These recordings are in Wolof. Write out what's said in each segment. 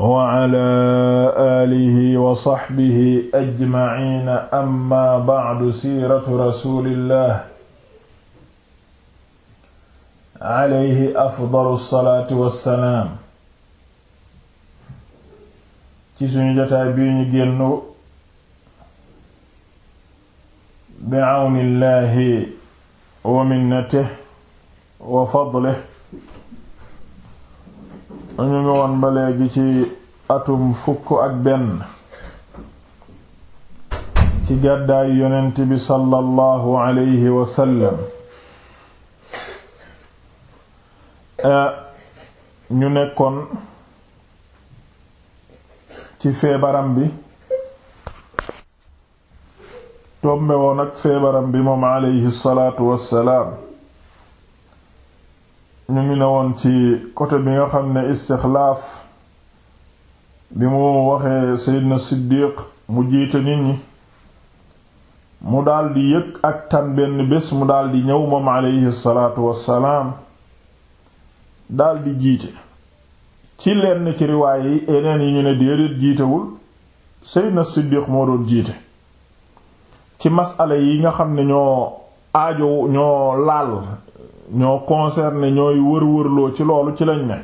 wa ala alihi wa saxbihi ajmaciina amma bacdu siiratu rasulillah alayhi afdalu salaatu wassalaam ci suñu jotaay bii ñu génn bi awnillahi wa minnatihi wa fadlihi ñu ngi woon ci atum fukk ak benn ci gàddaay yonent bi eh, ñu nekkoon ci feebaram bi tombe ak feebaram bi moom alayhi salaatu wassalaam ñu ngi ne woon ci côté bi nga xam ne istixlaaf bi mu waxee na Siddiq mu jiite nit ñi mu daldi yëg ak tan benn bés mu daldi ñëw moom aleyhi salaatu wassalaam daldi jiite ci lenn ci riwaay yi yeneen yi ñu ne déedéet jiitewul Seydina Siddiq moo doon jiite ci masala yi nga xam ne ñoo aajo ñoo laal ñoo concerné ñooy wër-wërloo ci loolu ci lañ ne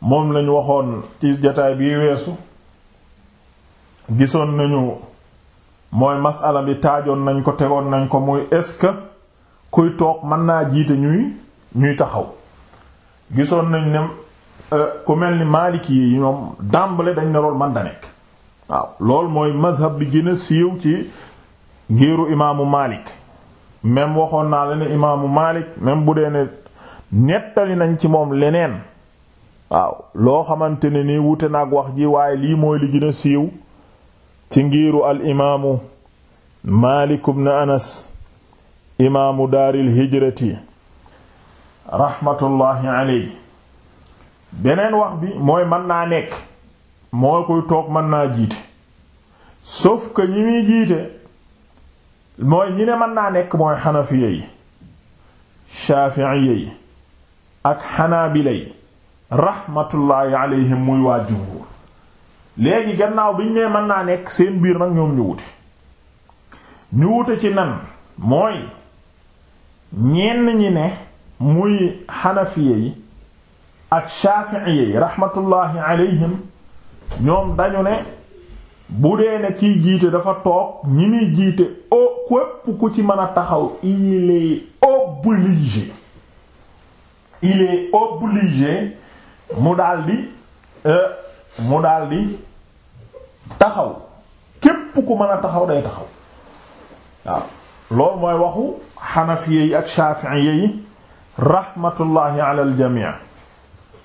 moom lañu waxoon ci jataay bi weesu gisoon nañu mooy masala bi taajoon nañ ko tegoon nañ ko muy est-ce que kuy toog mën naa jiite ñuy ñuy taxaw gisoon nañ ne euh, ku mel ni maaliki yi ñoom dàmbale dañ ne loolu man da nekk waaw loolu mooy mazhab bi gën siiw ci ngiiru imaamu Maalik même waxoon naa la ne imaamu Malik même bu dee ne nettali nañ ci moom leneen waaw loo xamante ne nii wute naag wax ji waaye lii mooy li gën siiw ci ngiiru al imaamu Malik ibn Anas imaamu daaril hijrati rahmatullahi alayhi beneen wax bi mooy mën naa nekk moo koy toog mën naa jiite sauf que ñi muy jiite mooy ñi ne mën naa nekk mooy xanafiya yi shaafiiya yi ak xanaabila yi raxmatullaahi alayhim muy waa léegi gannaaw bi ñu ne mën naa nekk seen biir nag ñoom ñu wute ñu wute ci nan mooy ñenn ñi ne muy xanafiya yi ak shaafiiya yi raxmatullaahi alayhim ñoom dañu ne bu dee ne kiy jiite dafa toog ñi muy jiite o képp ku ci mën a taxaw il obligé il obligé mu daldi euh, mu daldi taxaw képp ku mën a taxaw day taxaw waaw loolu mooy waxu xanafiye yi ak shafi'iye yi rahmatullahi ala al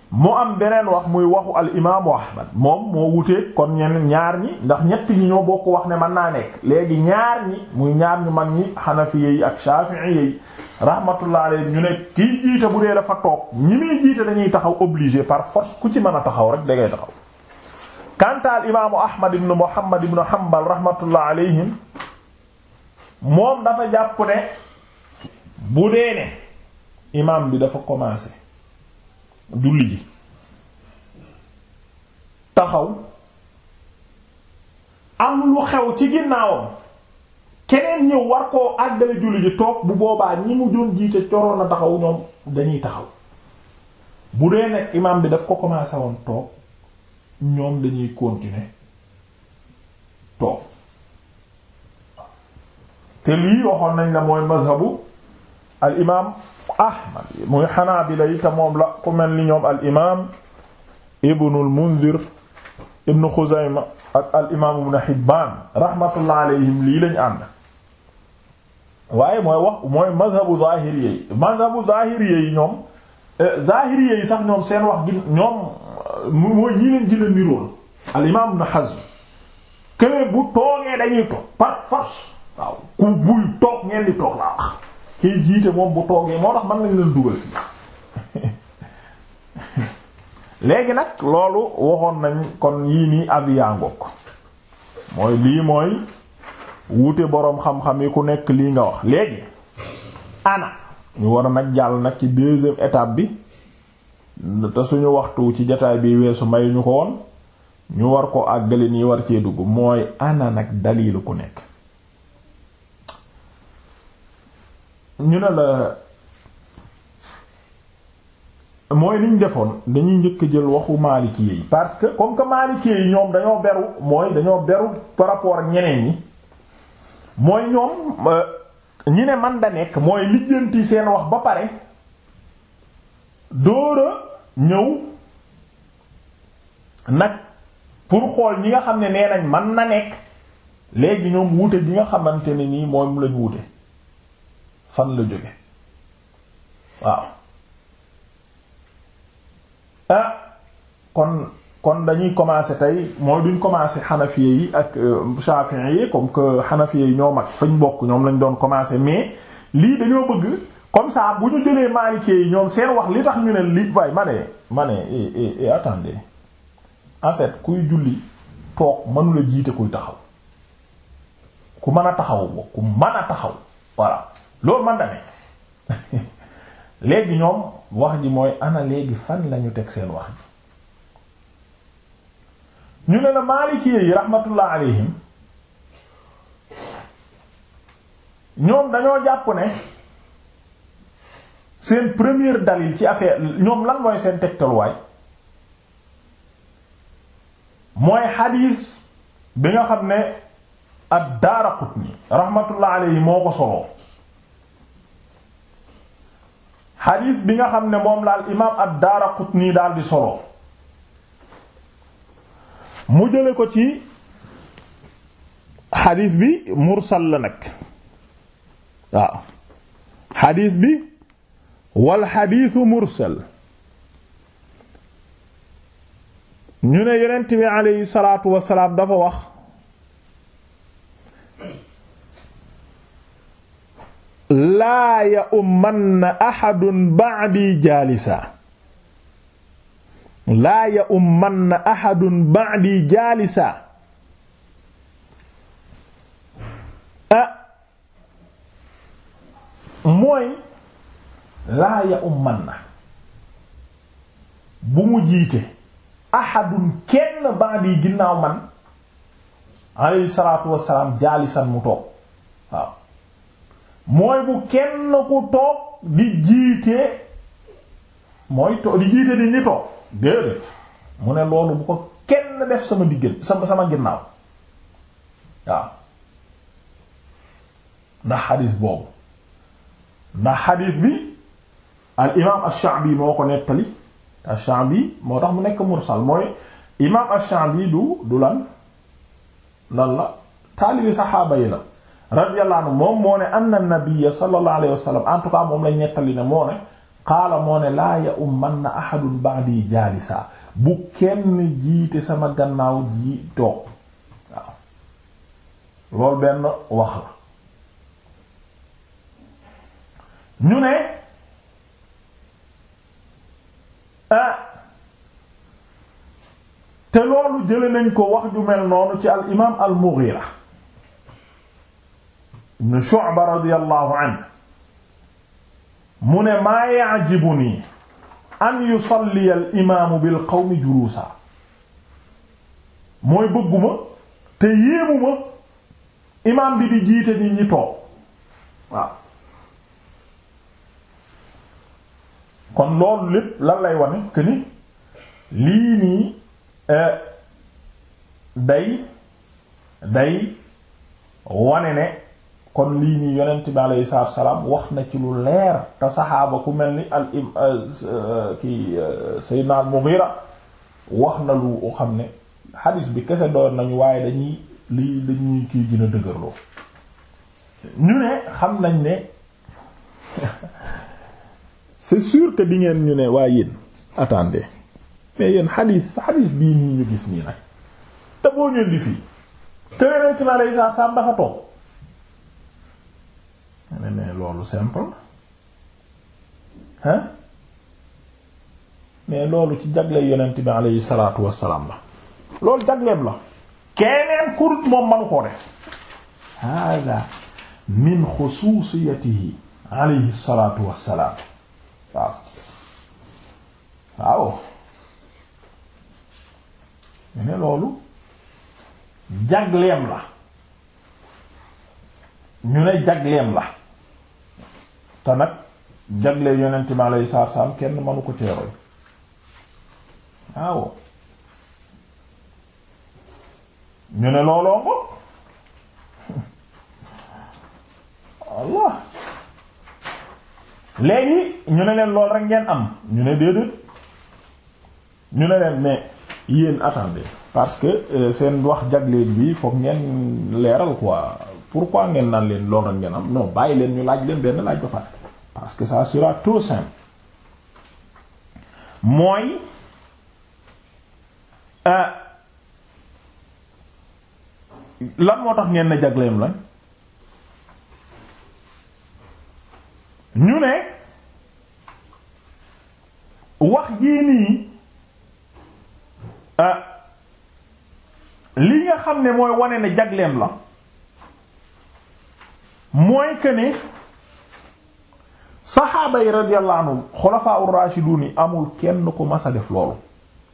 mu am beneen wax muy waxu al imaamu ahmad moom moo wutee kon ñenn ñaar ñi ndax ñett ñi ñoo bokk wax ne mën naa nekk léegi ñaar ñi muy ñaar ñu mag ñi xanafi yi ak shafi'i yi rahmatullah alayhi ñu ne kiy jiite bu dee dafa toog ñi muy jiite dañuy taxaw obligé par force ku ci mën a taxaw rek da ngay taxaw kanta al imaamu ahmad ibn muhammad ibn hanbal rahmatullah alayhim moom dafa jàpp ne bu dee ne imaam bi dafa commencé julli ji taxaw am lu xew ci ginnaawam keneen ñëw war koo àggale julli ji toog bu boobaa ñi mu doon jiite a taxaw ñoom dañuy taxaw bu dee nekk imaam bi daf ko commencé woon toog ñoom dañuy continuer toog te lii waxoon nañ la mooy mazhabu al imaam ahmad muy xanaabila yi te moom la ku mel ni ñoom al imaam ibnul mundir ibnu xuzayma ak al imaam ibnu hibbaan rahmatullah alayhim lii lañ ànd waaye mooy wax mooy mazhabu zahiriyya yi mazhabu zahiriyya yi ñoom eh, zahiriyya yi sax ñoom seen wax gi ñoom mooy ñii leen gën a niroon al imaam ibnu hazm këne bu toogee dañuy toog par force waaw ku buy toog ngeen di toog laa wax kiy jiite moom bu toogee moo tax mën nañ leen dugal fii léegi nag loolu waxoon nañ kon yii nii aviya mooy lii mooy wuute boroom xam-xam yi ku nekk lii nga wax léegi ana ñu war a nag jàll nag ci deuxième étape bi te suñu waxtu ci jataay bi weesu mayuñu ko woon ñu war ko àggale nii war cee dugg mooy ana nag dalilu ku nekk ñu ne la mooy liñ defoon dañuy njëkk jël waxu Maliki yi parce que comme que Maliki yi ñoom dañoo beru mooy dañoo beru par rapport ak ñeneen ñi mooy ñoom euh, ñi ne man da nekk mooy lijjanti seen wax ba pare dóora ñëw nag pour xool ñi nga xam ne nee nañ man na nekk léegi ñoom wute gi nga xamante ne nii moom lañ wute fan la jóge waaw ah kon kon dañuy commencer tey mooy duñ commencer xanafiye yi ak euh, shafi'i yi comme que xanafiye yi ñoo mag fañ bokk ñoom lañ doon commencer mais lii dañoo bëgg comme ça bu ñu jëlee maalikee yi ñoom seen wax li tax ñu ne li waaye ma ne ma ne et eh, eh, eh, en fait kuy julli toog mënula jiite kuy taxaw ku mën a taxaw ku mën a taxaw voilà loolu man na léegi ñoom wax ji mooy ana léegi fan lañu teg seen wax ji ñu ne la maaliki yi rahmatullah alayhim ñoom dañoo jàpp ne seen première dalil ci affaire ñoom lan mooy seen tegtalwaay mooy xadiis bi nga xam ne ad-Daaraqutni rahmatullah alayhi moo ko soloo xadiis bi nga xam ne moom la al imaam ad-Daaraqutni daal di solo mu jële ko ci xadiis bi mursal la nag waaw xadiis bi wal xadiisu mursal ñu ne yonent bi aleyhi salaatu wasalaam dafa wax laa ya ummanna ahadun ba'di jaalisa laa ya ummanna ahadun ba'di jaalisa ah mooy laa ya ummanna bu mu jiite ahadun kenn ba'di ginnaaw man alayhi salaatu wassalaam jaalisan mu toog mooy bu kenn ku toog di jiite mooy to di jiite di ñi toog déedéet mu ne loolu bu ko kenn def sama diggal sama sama ginnaaw waaw ndax xadiis boobu ndax xadiis bi al imaam ash-Sha'bi moo ko nettali ash-Sha'bi moo tax mu nekk mursal mooy imaam ash-Sha'bi du du lan lan la taalibi saxaaba yi la radiyallahu anhu moom moo ne anna nabiyya sallallahu alayhi wa sallam en tout cas moo ne qaala moo ne laa ya ummanna ahadun ba'di jaalisa bu kenn jiite sama gannaaw ji toog waaw loolu benn wax la ñu ne ah, te loolu jële nañ ko wax ju mel noonu ci al imaam al Mughira ibn Shu'ba radiyallahu anhu mu ne maa ya'jibuni an yusalli al imaamu bil qawmi juluusa mooy bëgguma te yéemuma imaam bi di jiite nit ñi kon loolu lépp lan lay wane que ni eh, day day wane ne kon lii nii yonent bi alayhi salaam wax na ci lu leer te saxaaba ku mel ni al im euh, euh, ki euh, Seydina al-Mughira wax na lu xam ne xadiis bi kese door nañu waaye dañuy lii dañuy kii gën a dëgërloo ñu ne xam nañ ne c'est sûr que di ngeen ñu ne waaye yéen attendez mais yéen xadiis xadiis bii nii ñu gis nii nag te boo ñëw di fii te yonent bi alayhi salaatu salaam dafa toog mais loolu simple hein mais loolu ci jagle yonent bi aleyhi salaatu wassalaam la loolu jagleem la keneen kurut moom manu koo def hada min xususiyatihi aleyhi salaatu wassalaam waaw waaw ne loolu jagleem la ñu ne jagleem la te nag jagle yonent mi alayhi salaatu salaam kenn mënu ko ceeroy waaw ñu ne looloo ko Allah léegi ñu ne leen lool rek ngeen am ñu ne déedéet ñu ne leen mais yéen attendez parce que euh, seen wax jagleen bi foog ngeen leeral quoi pourquoi ngeen naan leen lool rek ngeen am no bàyyi leen ñu laaj leen benn laa ba parce que ça sera tout simple mooy euh, lan moo tax ngeen ne jagleem lan ñu ne wax jii nii euh, li nga xam ne mooy wane ne jagleem la mooy que saxaaba yi radiyallahu anhum xulafaa ur-raashidun amul kenn ku mas a def loolu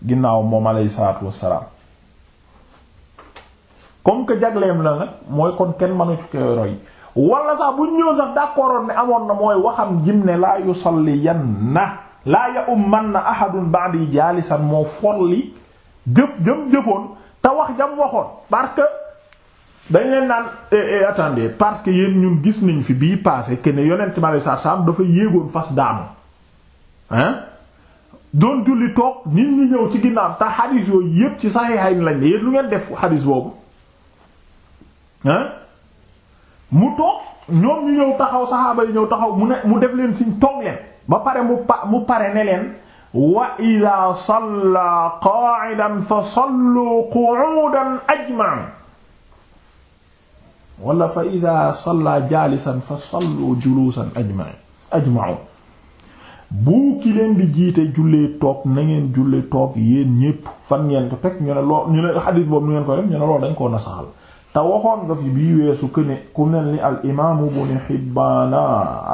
ginnaaw moom alayhi salaatu wassalaam comme que jagleem la nag mooy kon kenn mënu ci koy wala sax bu ñëw sax d'accordoon ne amoon na mooy waxam jim ne laa yusalliyanna laa ya'ummanna ahadun ba'di jaalisan moo folli jëf jëm jëfoon te wax jam waxoon parce dañ leen naan eh, eh, attendez parce que yéen ñun gis nañu fi bii passé que ne yonent ma lay sarsam dafa yéegoon fas daanu hein doon julli toog nit ñi ñëw ci ginnaaw te xadis yooyu yépp ci saxiixayn lañ ne yéen lu ngeen def xadis boobu hein mu toog ñoom ñu ñëw taxaw saxaaba yi ñëw taxaw mu ne mu def leen siñ toog leen ba pare mu pa mu pare ne leen wa ida salla qa'idan fa sallu qu'udan ajma'an wala fa ida salla jaalisan fa sallu juluusan ajma ajma'u bu ki leen di jiite jullee toog na ngeen jullee toog yéen ñépp fan ngeen ko teg ñu ne loo ñu ne xadis boobu nu ngeen ko def ñu ne loolu dañ koo nasaxal te waxoon nga fi bii weesu que ne ku mel ni al imaamu ibn Hibbaan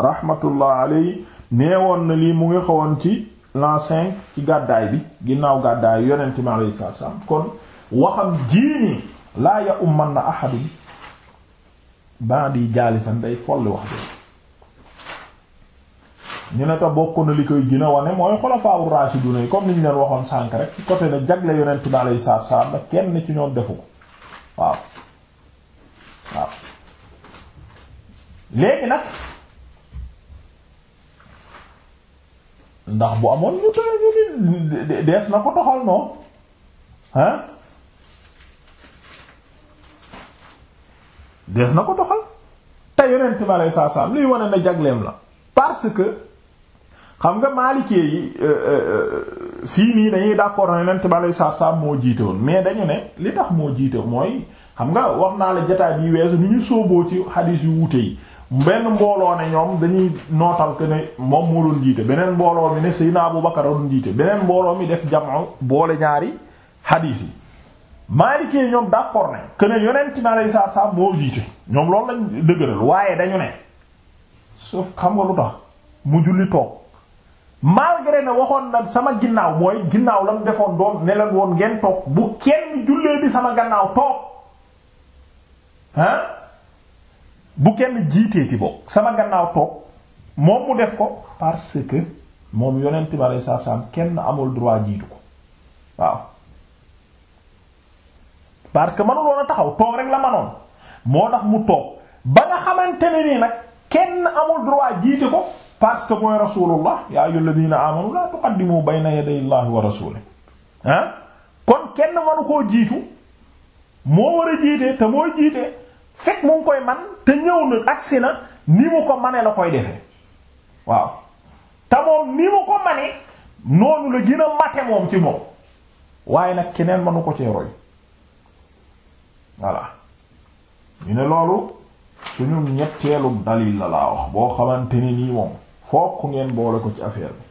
rahmatullah alayhi neewoon na lii mu ngi xawoon ci l'an ci gàddaay bi ginnaaw gàddaay yonente mi alayhi salaatu wa kon waxam jiini laa ya umman na ahadun band di jaalisan day folli wax bi ñu ne ta bokk na li koy gën a wane mooy xulafaa raashidun comme ni ñu leen waxoon sànk rek ci côté ne jagle yonent bi alayhi salaatu salaam la kenn ci ñoom defu ko waaw waaw léegi nag ndax bu amoon ñu tëdd dees na ko doxal noonu hein des na ko doxal te yonent bi aleyhi salaatu salaam wane na jagleem la parce que xam nga maalikee yi euh, euh, euh, fii nii dañuy d'accord na yonent bi aleyhi salaatu moo jiite mais dañu ne li tax moo jiite mooy xam nga wax naa la jotaay bi weesu ni ñu sooboo ci xadiis yu wuute yi benn mbooloo ne ñoom dañuy nootal que ne moom moo doon jiite beneen mbooloo mi ne naa bu Bakar doon jiite beneen mbooloo mi def jamono boole ñaari xadiis yi. maa Maliki ñoom d'accord nañ que ne yonent mi alayhi salaatu salaam moo jiite ñoom loolu lañ dëgëral waaye dañu ne sauf xam nga lu tax mu julli toog malgré ne waxoon nag sama ginnaaw mooy ginnaaw la mu defoon doon ne woon ngeen toog bu kenn jullee bi sama gannaaw toog ah bu kenn jiitee ci bokk sama gannaaw toog moom mu def ko parce que moom yonent mi alayhi salaatu kenn amul droit jiitu ko waaw. parce que mënul woon a taxaw toog rek la manoon moo tax mu toog ba nga xamante ne nag kenn amul droit jiite ko parce que mooy rasulullah ya ayyuhalladhina amanu la tuqaddimu bayna yaday llahi war rasulih ah kon kenn manu koo jiitu moo war a jiite te mooy jiite fekk mu koy man te ñëw na agsi na ni mu ko mane la koy defee waaw te moom ni mu ko mane noonu la gën a mate moom ci moom waaye nag keneen manu ko cee roy voilà ñu ne loolu suñu ñetteelu dalil la laa wax boo xamante ni nii moom fokk ngeen boole ko ci affaire bi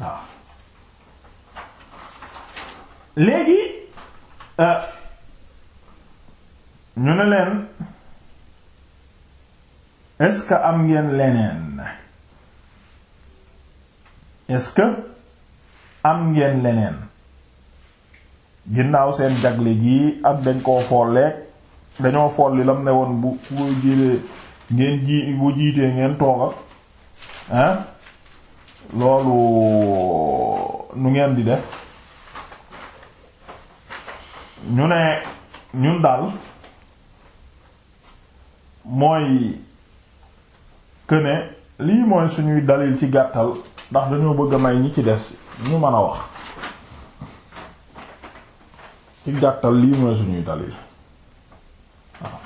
waaw léegi euh, ñu ne leen est-ce que am ngeen leneen est am ngeen leneen ginnaaw seen jagle gi ak dañ koo folleeg dañoo folli lam ne woon bu bu jilee ngeen ji bu jiitee ngeen tooga ah loolu nu ngeen di def ñu ne ñun daal mooy këne lii mooy suñuy dalil ci gàttal ndax dañoo bëgg a may ñi ci des ñu mën a wax ci gàttal lii mooy suñuy dalil waaw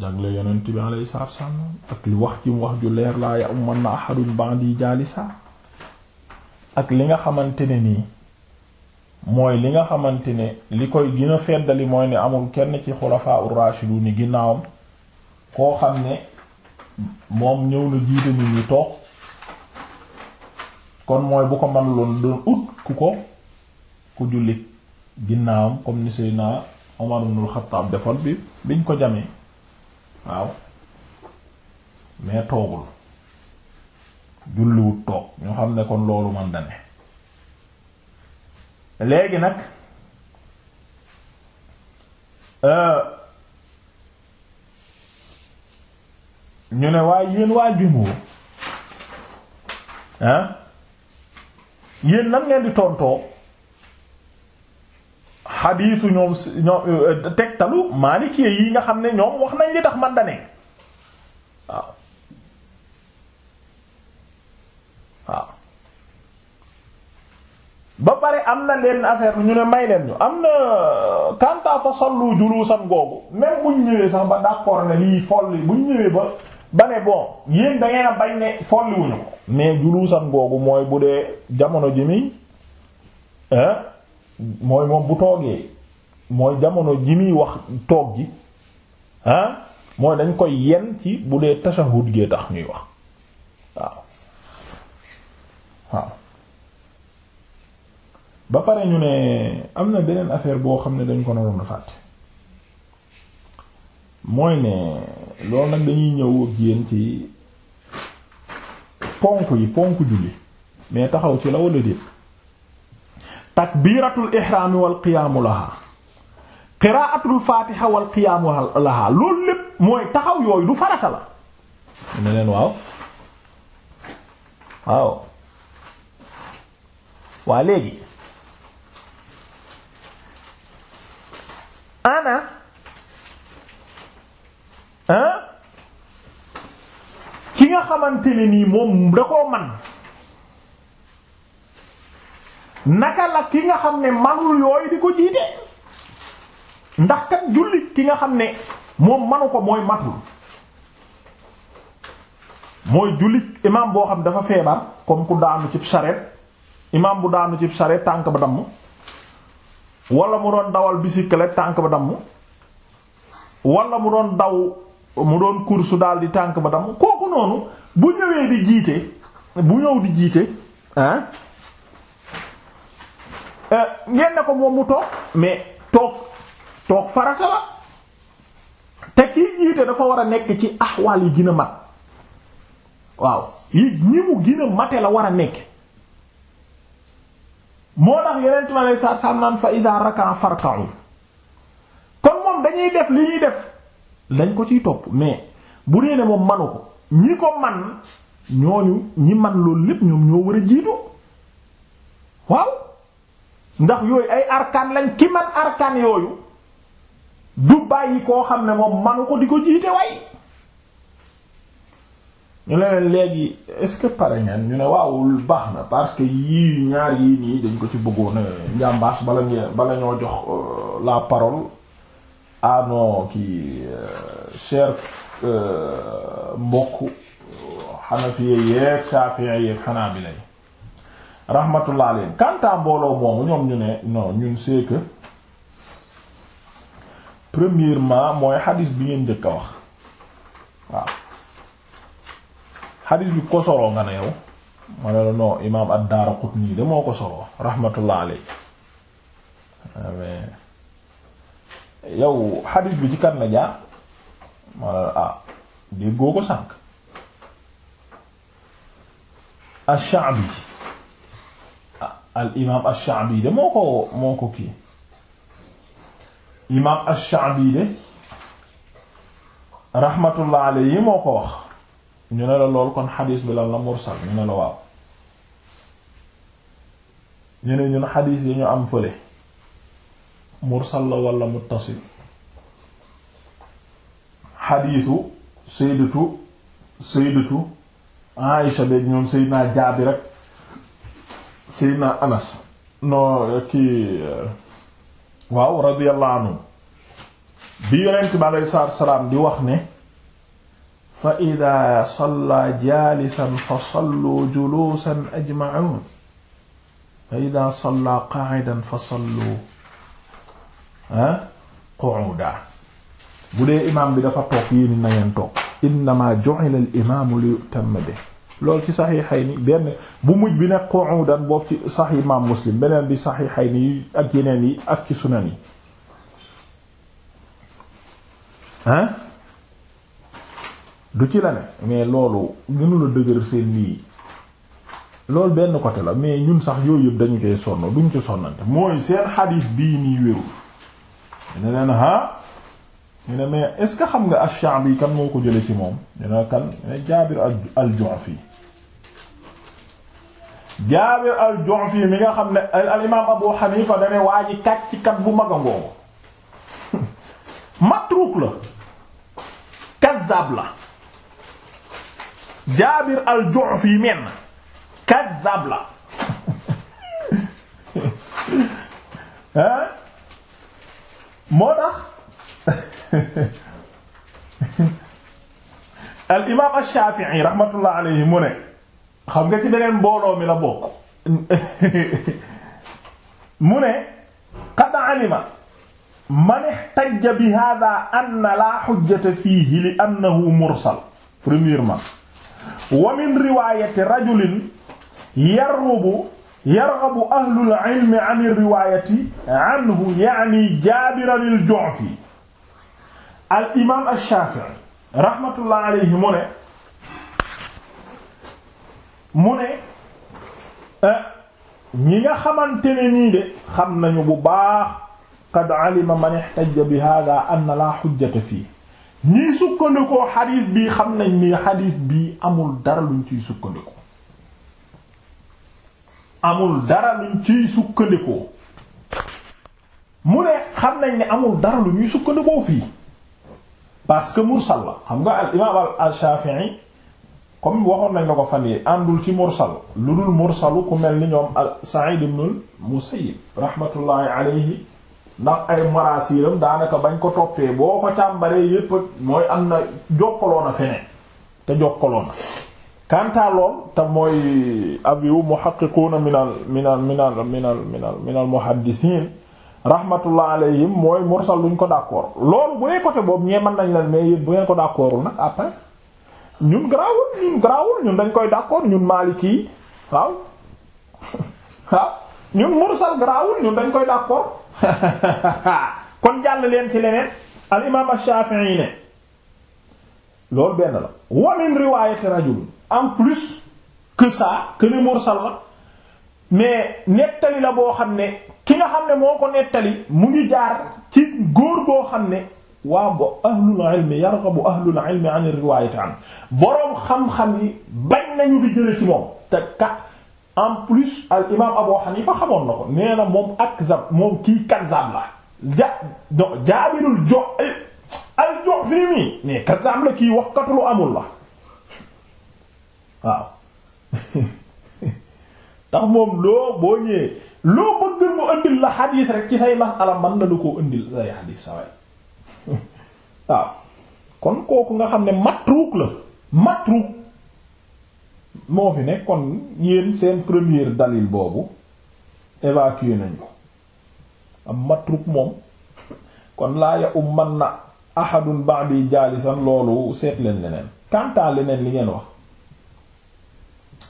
jagle yonent bi alayhi salaatu wa salaam ak li wax ci wax ju leer laa ya umman na ahadun ba'di jaalisa ak li nga xamante ne nii mooy li nga xamante ne li koy gën a feddali mooy ne amul kenn ci xulafaa ur-raashidun ni ginnaawam koo xam ne moom ñëw na jiite nit ñi toog kon mooy bu ko man loon doon ut ku ko ku jullit ginnaawam comme ni Seydina Omar ibn al-Khattab bi biñ ko jamee waaw mais toogul julliwut toog ñu xam ne kon loolu man da léegi nag euh, ñu ne waaye yéen waa jumhur ah yéen lan ngeen di tontoo xadiisu ñoom ñoom euh, euh, tegtalu Maliki yi nga xam ne ñoom wax nañ li tax man da nekk waaw waaw ba pare am na leen affaire ñu ne may leen ñu am na kanta fa sollu julusan googu même buñ ñëwee sax ba d'accord ne lii folli buñ ñëwee ba ba ne bon yéen da ngeen a bañ ne folliwuñu ko mais julusan googu mooy bu dee jamono ji mi mooy moom bu toogee mooy jamono ji muy wax toog ji ah mooy dañ koy yen ci bu dee tashahhud gee tax ñuy wax waaw waaw ba pare ñu ne am na beneen affaire boo xam ne dañ ko naroon a fàtte mooy ne lool nag dañuy ñëw ak yéen ci ponk yi ponk julli mais taxaw ci la wala déet takbiratul ihraami wal qiyaamu laha qiraatul faatiha wal qiyaamu laha loolu lépp mooy taxaw yooyu du farata la ne leen waaw waa léegi ana hein ki nga xamante ni nii moom da man naka la ki nga xam ne manul yooyu di ko jiite ndax kat jullit ki nga xam ne moom manu ko mooy matul mooy jullit imaam boo xam dafa feebar comme ku daanu cib sareet imaam bu daanu cib sareet tànk ba damm wala mu doon dawal bicyclette tànk ba damm wala mu doon daw mu doon course daal di tànk ba damm kooku noonu bu ñëwee di jiite bu ñëw di jiite ah Euh, ngeen na ko moom mu toog mais toog toog farata la te kii jiite dafa war a nekk ci axwaal yi gina a mat waaw yi ñi mu gën mate la war a nekk moo tax yeneen ma lay sar sam naan fa ida raka'a farka'u kon moom dañuy def li ñuy def dañ ko ciy topp mais bu dee ne moom manu ko ñi ko man ñooñu ñi man loolu lépp ñoom ñoo war a jiitu waaw ndax yooyu ay arkan lañ ki man arkaan yooyu du bàyyi koo xam ne moom manu ko di ko jiite way ñu leen léegi est-ce que pare ngeen ñu ne waawul baax na parce que yii ñaar yii nii dañ ko ci bëggoon njàmbaas bala ngeen bala ñoo jox euh, la parole à ah nos kii euh, cher euh, mbokk xanafiye yeeg saafiye yeeg xanaa bi lay rahmatullah alayhi kanta mbooloo moomu ñoom ñu ne non ñun c'est premièrement mooy xadis bi ngeen njëkk a wax waaw xadis bi ko soloo nga ne yow ma ne la non imaam ad-Daraqutni de moo ko soloo rahmatullah alayhi ah, yow xadis bi ci kan la jaar la ah, déggoo ko sànq ash-Sha'bi al imaam ash-Sha'bi de moo ko moo ko kii imaam ash-Sha'bi de rahmatullah alayhi moo ko wax ñu ne la lool kon xadiis bi lan la mursal ñu ne la waaw ñu ne ñun xadiis yi ñu am fële mursal la wala muttasil xadiisu sayyidatu sayyidatu Aisha beeg ñoom sayyidina Jaabir rek Seydina Anas non kii waaw radiyallahu anhu bi yonent bi aleyhi salaatu salaam di wax ne fa ida salla jaalisan fa sallu juluusan ajma'uun fa ida salla qaa'idan fa sallu ah qu'uudan bu dee imaam bi dafa toog yéen na ngeen toog innamaa ju'ila al imaamu li yu'tamma bihi loolu ci saxiixayni benn bu mujj bi nekk qu'udan boobu ci sax yi imaam muslim beneen bi saxiixayni yi ak yeneen yi ak ci sunan yi hein du ci la ne mais loolu gënu la dëgër seen lii loolu benn côté la mais ñun sax yooyu yëpp dañu koy sonn duñ ci sonnante mooy seen xadiis bii nii wérul ne leen ha ñu ne mais est-ce que xam nga ash-Sha'bi kam moo ko jële ci moom ñu ne kan Jaabir al-Ju'fi Jaabir al-Ju'fi mi nga xam ne al imaam Abu Hanifa dane waa ji kàccikat bu mag a ngoogu matruuk la kazzab la Jaabir al-Ju'fi men kazzab la moo tax al imaam ash-Shafi'i rahmatullah alayhi mu ne xam nga ci beneen mbooloo mi la bokk mu ne qad alima man ihtajja bi hadha anna la hujjata fihi li annahu mursal premièrement wa min riwayati rajulin yarghabu yarghabu ahlul ilmi an riwayati anhu ya'ni Jabir al-Ju'fi al imaam ash-Shafi'i rahmatullah alayhi mu ne mu ne eh, ñi nga xamante ne nii de xam nañu bu baax qad alima man ihtajja bi hadha anna la hujjata fii ñii sukkandikoo xadiis bi xam nañ ni xadiis bi amul dara luñ ciy sukkandikoo amul dara luñ ciy sukkandikoo mu ne xam nañ ni amul dara lu ñuy sukkandikoo fii parce que mursal la xam nga al imaam al Shafi'i comme waxoon nañ la ko fan yi àndul ci mursal lu dul mursalu ku mel ni ñoom al Sa'id ibn al Musayyib ndax ay maraasiram daanaka bañ ko toppee boo ko càmbaree yépp mooy am na jokkaloona feneen te jokkaloona kanta lool te mooy aviu muhaqqiquna min al rahmatullah alayhim mooy mursal duñ ko d'accord loolu bu dee côté boobu ñee man nañ leen mais yéen bu ngeen ko d'accordul nag après ñun garaawul ñun garaawul ñun dañ koy d'accord ñun Maliki yi waaw waaw ah, ñun mursal garaawul ñun dañ koy d'accord kon jàll leen ci leneen al imam ash-Shafi'i ne benn la wa min rajul en plus que ça que mursal la mais nettali la boo xam ne ki nga xam ne moo ko nettali mu ngi jaar ci góor boo xam ne waa bo ahlul ilmi yarghabu ahlul ilmi an riwaayati an boroom nañu di jële ci moom te ka en plus al imaam Abu Hanifa xamoon na ko nee na moom akzab moom kii kazab la ja non jaabirul jo al jo fii nii mais kazab la kii wax kat lu amul la waaw ndax moom loo boo ñëwee loo bëgg mu indil la xadiis rek ci say masala man na lu koo indil say xadiis sa way waaw kon kooku nga xam ne matruuk la matruuk moo fi ne seen première dalil boobu évacué nañu am matruuk moom kon laa ya um man na ahadun ba'di jaalisan loolu seet leen leneen quant leneen li ngeen wax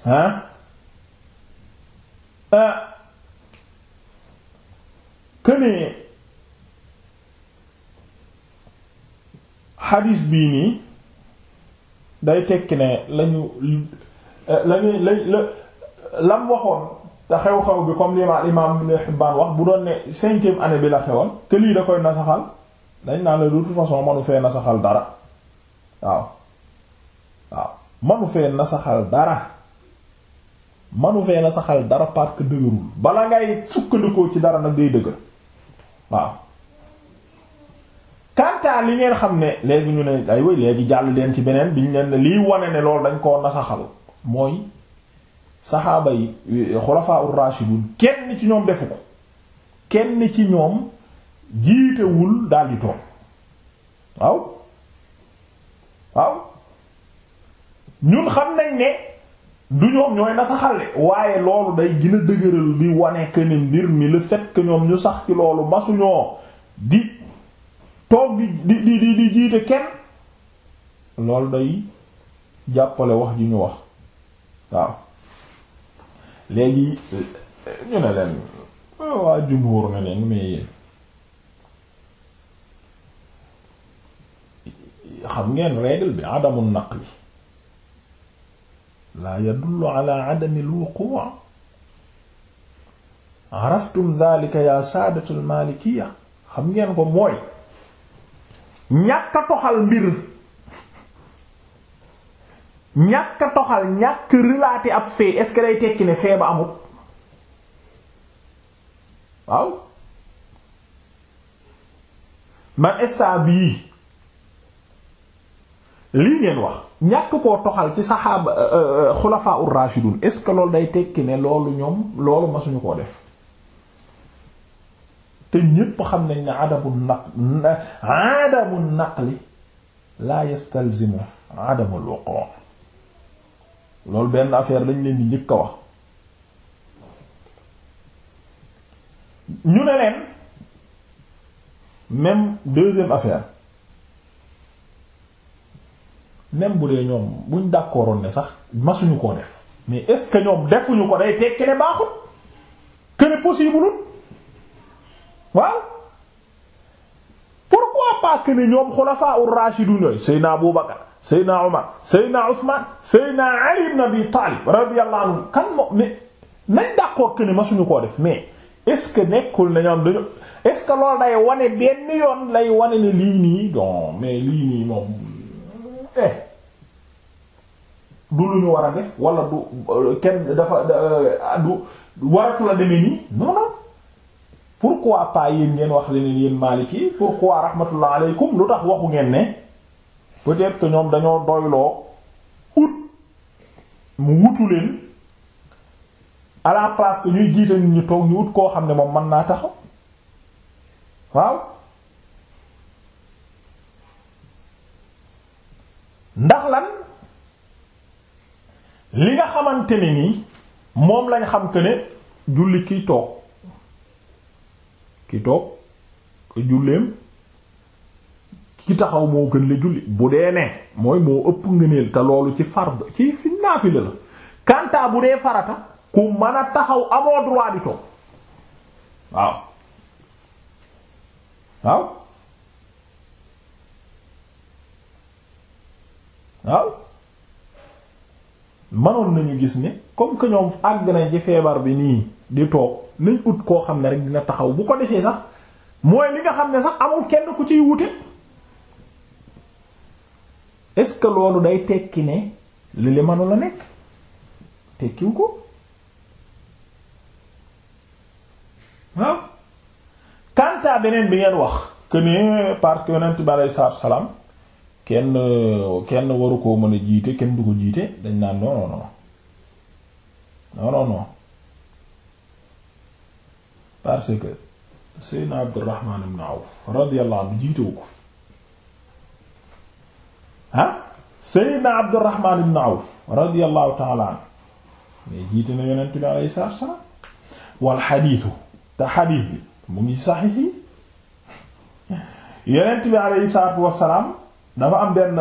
ah kënee euh, xadiis bii nii day tekki ne lañu euh, lañu la lam waxoon te xew-xew bi comme li imaam Ibn Hibbaan wax bu doon ne cinquième année bi la xewoon que da koy nasaxal dañ naa la de façon manu fee nasaxal dara waaw waaw manu fee nasaxal dara manu fee na dara parce que dëgërul bala ngay sukkandikoo ci dara nag day dëgër waaw kantaa li ngeen xam ne léegi ñu ne ay way léegi jàll leen ci beneen bi ñu leen ne liy wane ne loolu dañ koo nasaxal mooy saxaaba yi xulafaa ur-rashidun kenn ci ñoom defu ko kenn ci ñoom jiitewul daldi toog waaw waaw ñun xam nañ ne du ñoom ñooy nasaxal waaye loolu day gën a dëgëral bi wane ni mbir mi le fait que ñoom ñu sax ci loolu masuñoo di toog di di di di jiite kenn loolu day jàppale wax ji wax waaw léegi ñu ne leen waa jumhur ne leen mais yéen xam ngeen règle bi adamul adamu naqli laa yadullu ala adami alwuqu' araftum dhalika ya saadatu ko mooy ñàkk a ab fee lii ngeen wax ñàkk koo toxal ci saxaaba euh, euh, euh, xulafaa ur rashidun est ce que loolu day tekki ne loolu ñoom loolu masuñu koo def te ñépp xam ne ne adamu naq adamu naqli la yastalzimu adamul wuqu loolu benn affaire lañ leen di njëkk a wax ñu ne leen même deuxième affaire même bu dee ñoom buñ d'accordoon ne sax masuñu koo def mais est ce que ñoom defuñu ko day tekki ne baaxut que possible waaw pourquoi pas que ne ñoom xulafaa ur-rashidun yooyu Seydina Abu Bakar Seydina Omar Seydina Ousmane Seydina Ali ibn Abi Talib radiyallahu anhu kan moo nañ d'accord que ne masuñu koo def mais est ce que nekkul na ñoom dañu est ce que loolu day wane benn yoon lay wane ne lii nii donc mais lii nii moom. Eh. du lu ñu war a def wala du euh, kenn dafa euh, du waratu la demee nii non non pourquoi pas yéen ngeen wax leneen yéen Maliki pourquoi rahmatullah aleykum lu tax waxu ngeen ne peut-être que ñoom dañoo doyloo ut mu wutu leen à la place ñuy jiite ñu toog ñu ut koo xam ne moom mën naa tax waaw. ndax lan li nga xamante ne nii moom lañ xam que ne julli kiy toog ki toog ko julleem ki taxaw moo gën la julli bu dee ne mooy moo ëpp ngëneel te loolu ci fard ci fi la kanta bu dee farata ku mën a taxaw amoo droit di toog waaw waaw waaw mënoon nañu gis ne comme que ñoom àgg nañ ci feebar bi nii di toog nañ ut koo xam ne rek dina taxaw bu ko defee sax mooy li nga xam ne sax amul kenn ku ciy wute est-ce que loolu day tekki ne li li mënu la nekk tekkiw ko waaw kanta beneen bi ngeen wax que ne parce que yonent bi aleyhi salaatu salaam kenn kenn waru koo mën a jiite kenn du ko jiite dañ naan non non non non non parce que Seydina Abdurrahman ibn Awf radiyallahu anhu jiitewu ko ah Seydina Abdurrahman ibn Awf radiyallahu ta'ala anhu mais jiite na yonent bi alayhi salaatu wa salaam wal xadiisu te xadiis bi mu ngi saxiix yi yonent bi alayhi salaatu wa salaam dafa am benn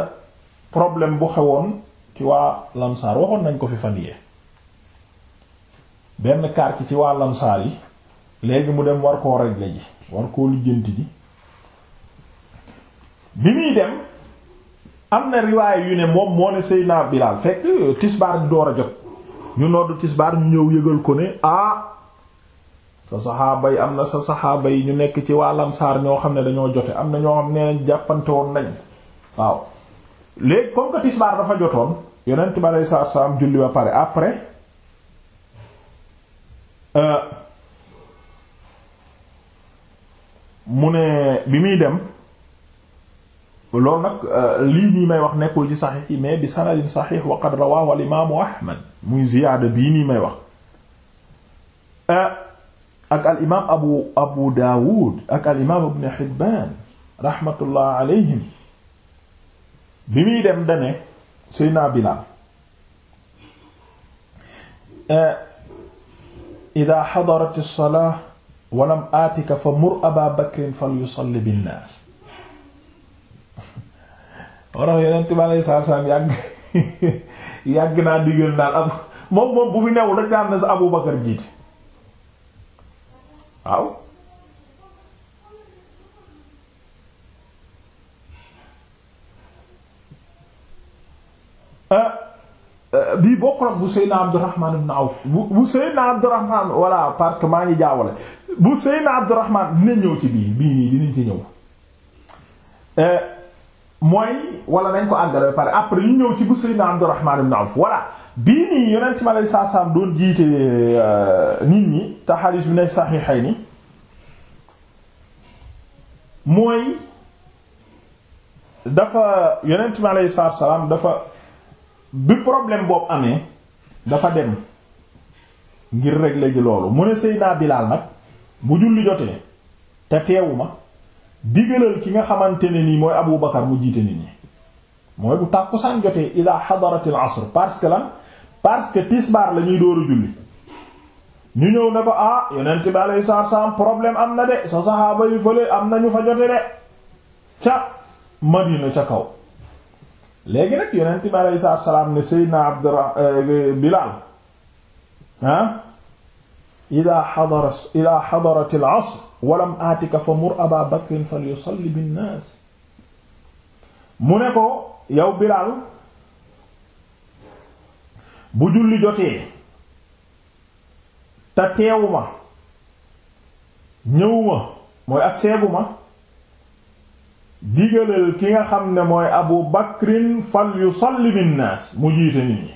problème bu xewoon ci waa lamsaar waxoon nañ ko fi fan yee benn quartier ci waa lamsaar yi léegi mu dem war koo régler ji war koo lijjanti ji bi muy dem am na riwaay yu ne moom moo ne Seydina Bilaal fekk tisbaar di door a jot ñu nodd tisbaar ñu ñëw yëgal ko ne ah sa saxaaba yi am na sa saxaaba yi ñu nekk ci waa lamsaar ñoo xam ne dañoo jote am na ñoo xam ne jàppante woon nañ waaw léegi comme que tisbaar dafa jotoon yonent bi aleyhi salaatu salaam julli ba pare après euh, mu ne bi muy dem loolu nag euh, lii nii may wax nekkul ci saxiix yi mais bi sanadin saxiix wa rawaahu al Ahmad muy ziyaada bii nii may wax euh, ak al imaam Abu Abu Daawud ak al imaam Ibn Hibbaan rahmatullah alayhim bi muy dem dane Seydina Bilaal eh, ida xadarat as-salaa walam aatika fa mur aba bakrin fal yusalli binnaas warax yonent bi alei saat salaam yàgg yàgg naa digal naan ab moom moom bu fi newul rek daan na sa Abu Bakar jiite waaw Euh, euh, bii bokkul ak bu Seydina Abdourahman ibn Awf bu bu Seydina Abdourahman voilà parce que maa ngi jaawale bu Seydina Abdourahman dina ñëw ci bii bii nii dinañ ci ñëw euh, mooy wala nañ ko àggale pare après ñu ñëw ci bu Seydina Abdourahman ibn Awf voilà bii nii yonent mi alayhi salaatu salaam doon jiite nit ñi te xadiis bi ne Sahihayni mooy dafa yonent mi alayhi salaatu salaam dafa. bi problème boobu amee dafa dem ngir régler ji loolu mu ne Seydina Bilaal nag bu julli jotee te ma digalal ki nga xamante ni nii mooy Abu Bakar mu jiite nit ñi mooy bu tàkkusaan jotee ila xadaratil asr parce que lan parce que tisbaar la ñuy dóoru julli ñu ñëw ne ko ah yonent bi alayhi salaatu salaam problème am na de sa saxaaba yu fële am na ñu fa jote de ca Madina ca kaw léegi nag yonent bi aleyhi salaatu salaam ne Seydina Abdurra eh, Bilaal ah ida xadara ida xadarat al asr walam aatika fa mur aba bakrin falyusalli binnaas mu ne ko yow Bilaal bu julli jotee te teewuma ñëwuma mooy ak seeguma digaleel ki nga xam ne mooy abu bakrin fal yusalli binnaas mu jiite nit ñi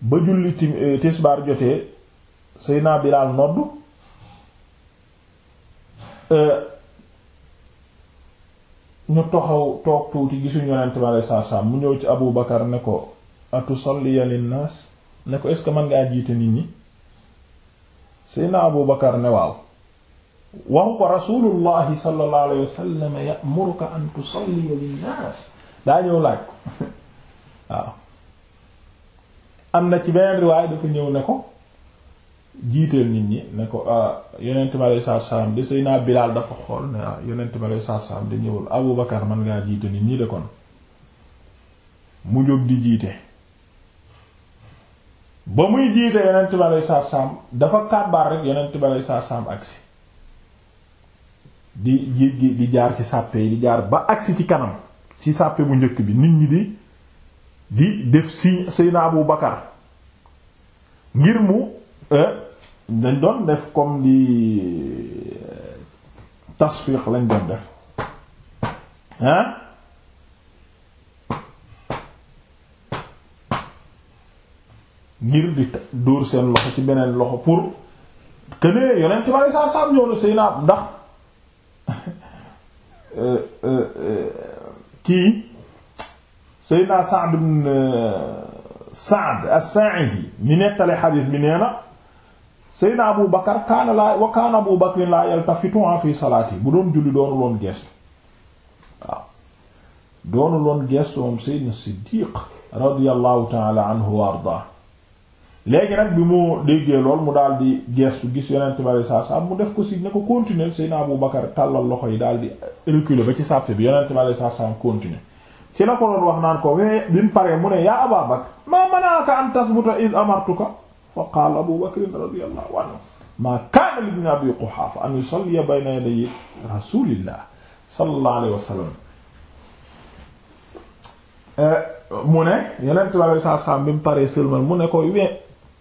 ba julli tim eh, tisbaar jotee Seydina Bilaal nodd eh, ñu toxaw toog tuuti gisuñu Yonent bi alayhi salaatu salaam mu ñëw ci abu bakar ne ko atusalliya linnaas ne ko est-ce mën ngaa jiite nit ñi Seydina abu bakar ne waaw waxu ko rasulullahi sallallahu alayhi wasallam ya'muruka daa ñëw am na ci beneen riwaay dafa ñëw ne nit ñi ne ko ah, yonent bi alayhi salaatu salaam de Seydina Bilaal dafa xool ne ah yonent bi alayhi de ñëwul Abu Bakar man ngaa jiite nit ñi de kon mu jóg di jiite ba muy jiite yonent bi alayhi dafa kàbbaar rek yonent bi alayhi agsi di jéggi di jaar ci sàppe yi di jaar ba agsi ci kanam ci sàppe bu njëkk bi nit ñi di di def si Seydina Abu Bakar ngir mu lañ eh, doon def comme di eh, tasfiix lañ doon def hein ngir di dóor seen loxo ci beneen loxo pour que ne yonent bi sallallahu alayhi wasallam ñëw na ndax Euh, euh, euh, kii Seydina Sa'd ibn Sa'd as-Sa'idi mi nettale xadiis bi nee na Seydina Abu Bakar kaana laa wa kaana Abu Bakrin laa yaltafitu fi salaati bu doon julli doonu loon gestu waaw doonu loon gestu moom Seydina Siddiq radiyallahu ta'ala anhu wa ardaa léegi nag bi mu déggee lool mu daal di gestu gis yonent bale saa saa mu def ko si ne ko continuer Seydina Abu Bakar tàllal loxo yi daal di reculer ba ci sàppe bi yonent bale saa saa continuer ci la ko doon wax naan ko wee bi mu paree mu ne yaa Aba Bakr maa manaaka an tasbuta iz amartuka fa qaala Abu Bakr radiyallahu anhu maa kaana li ibn Abi Quhaafa an yusalliya bayna yaday rasulillah sallallahu alayhi wa sallam eh, mu ne yonent bale saa saa bi mu paree sëlmal mu ne ko wee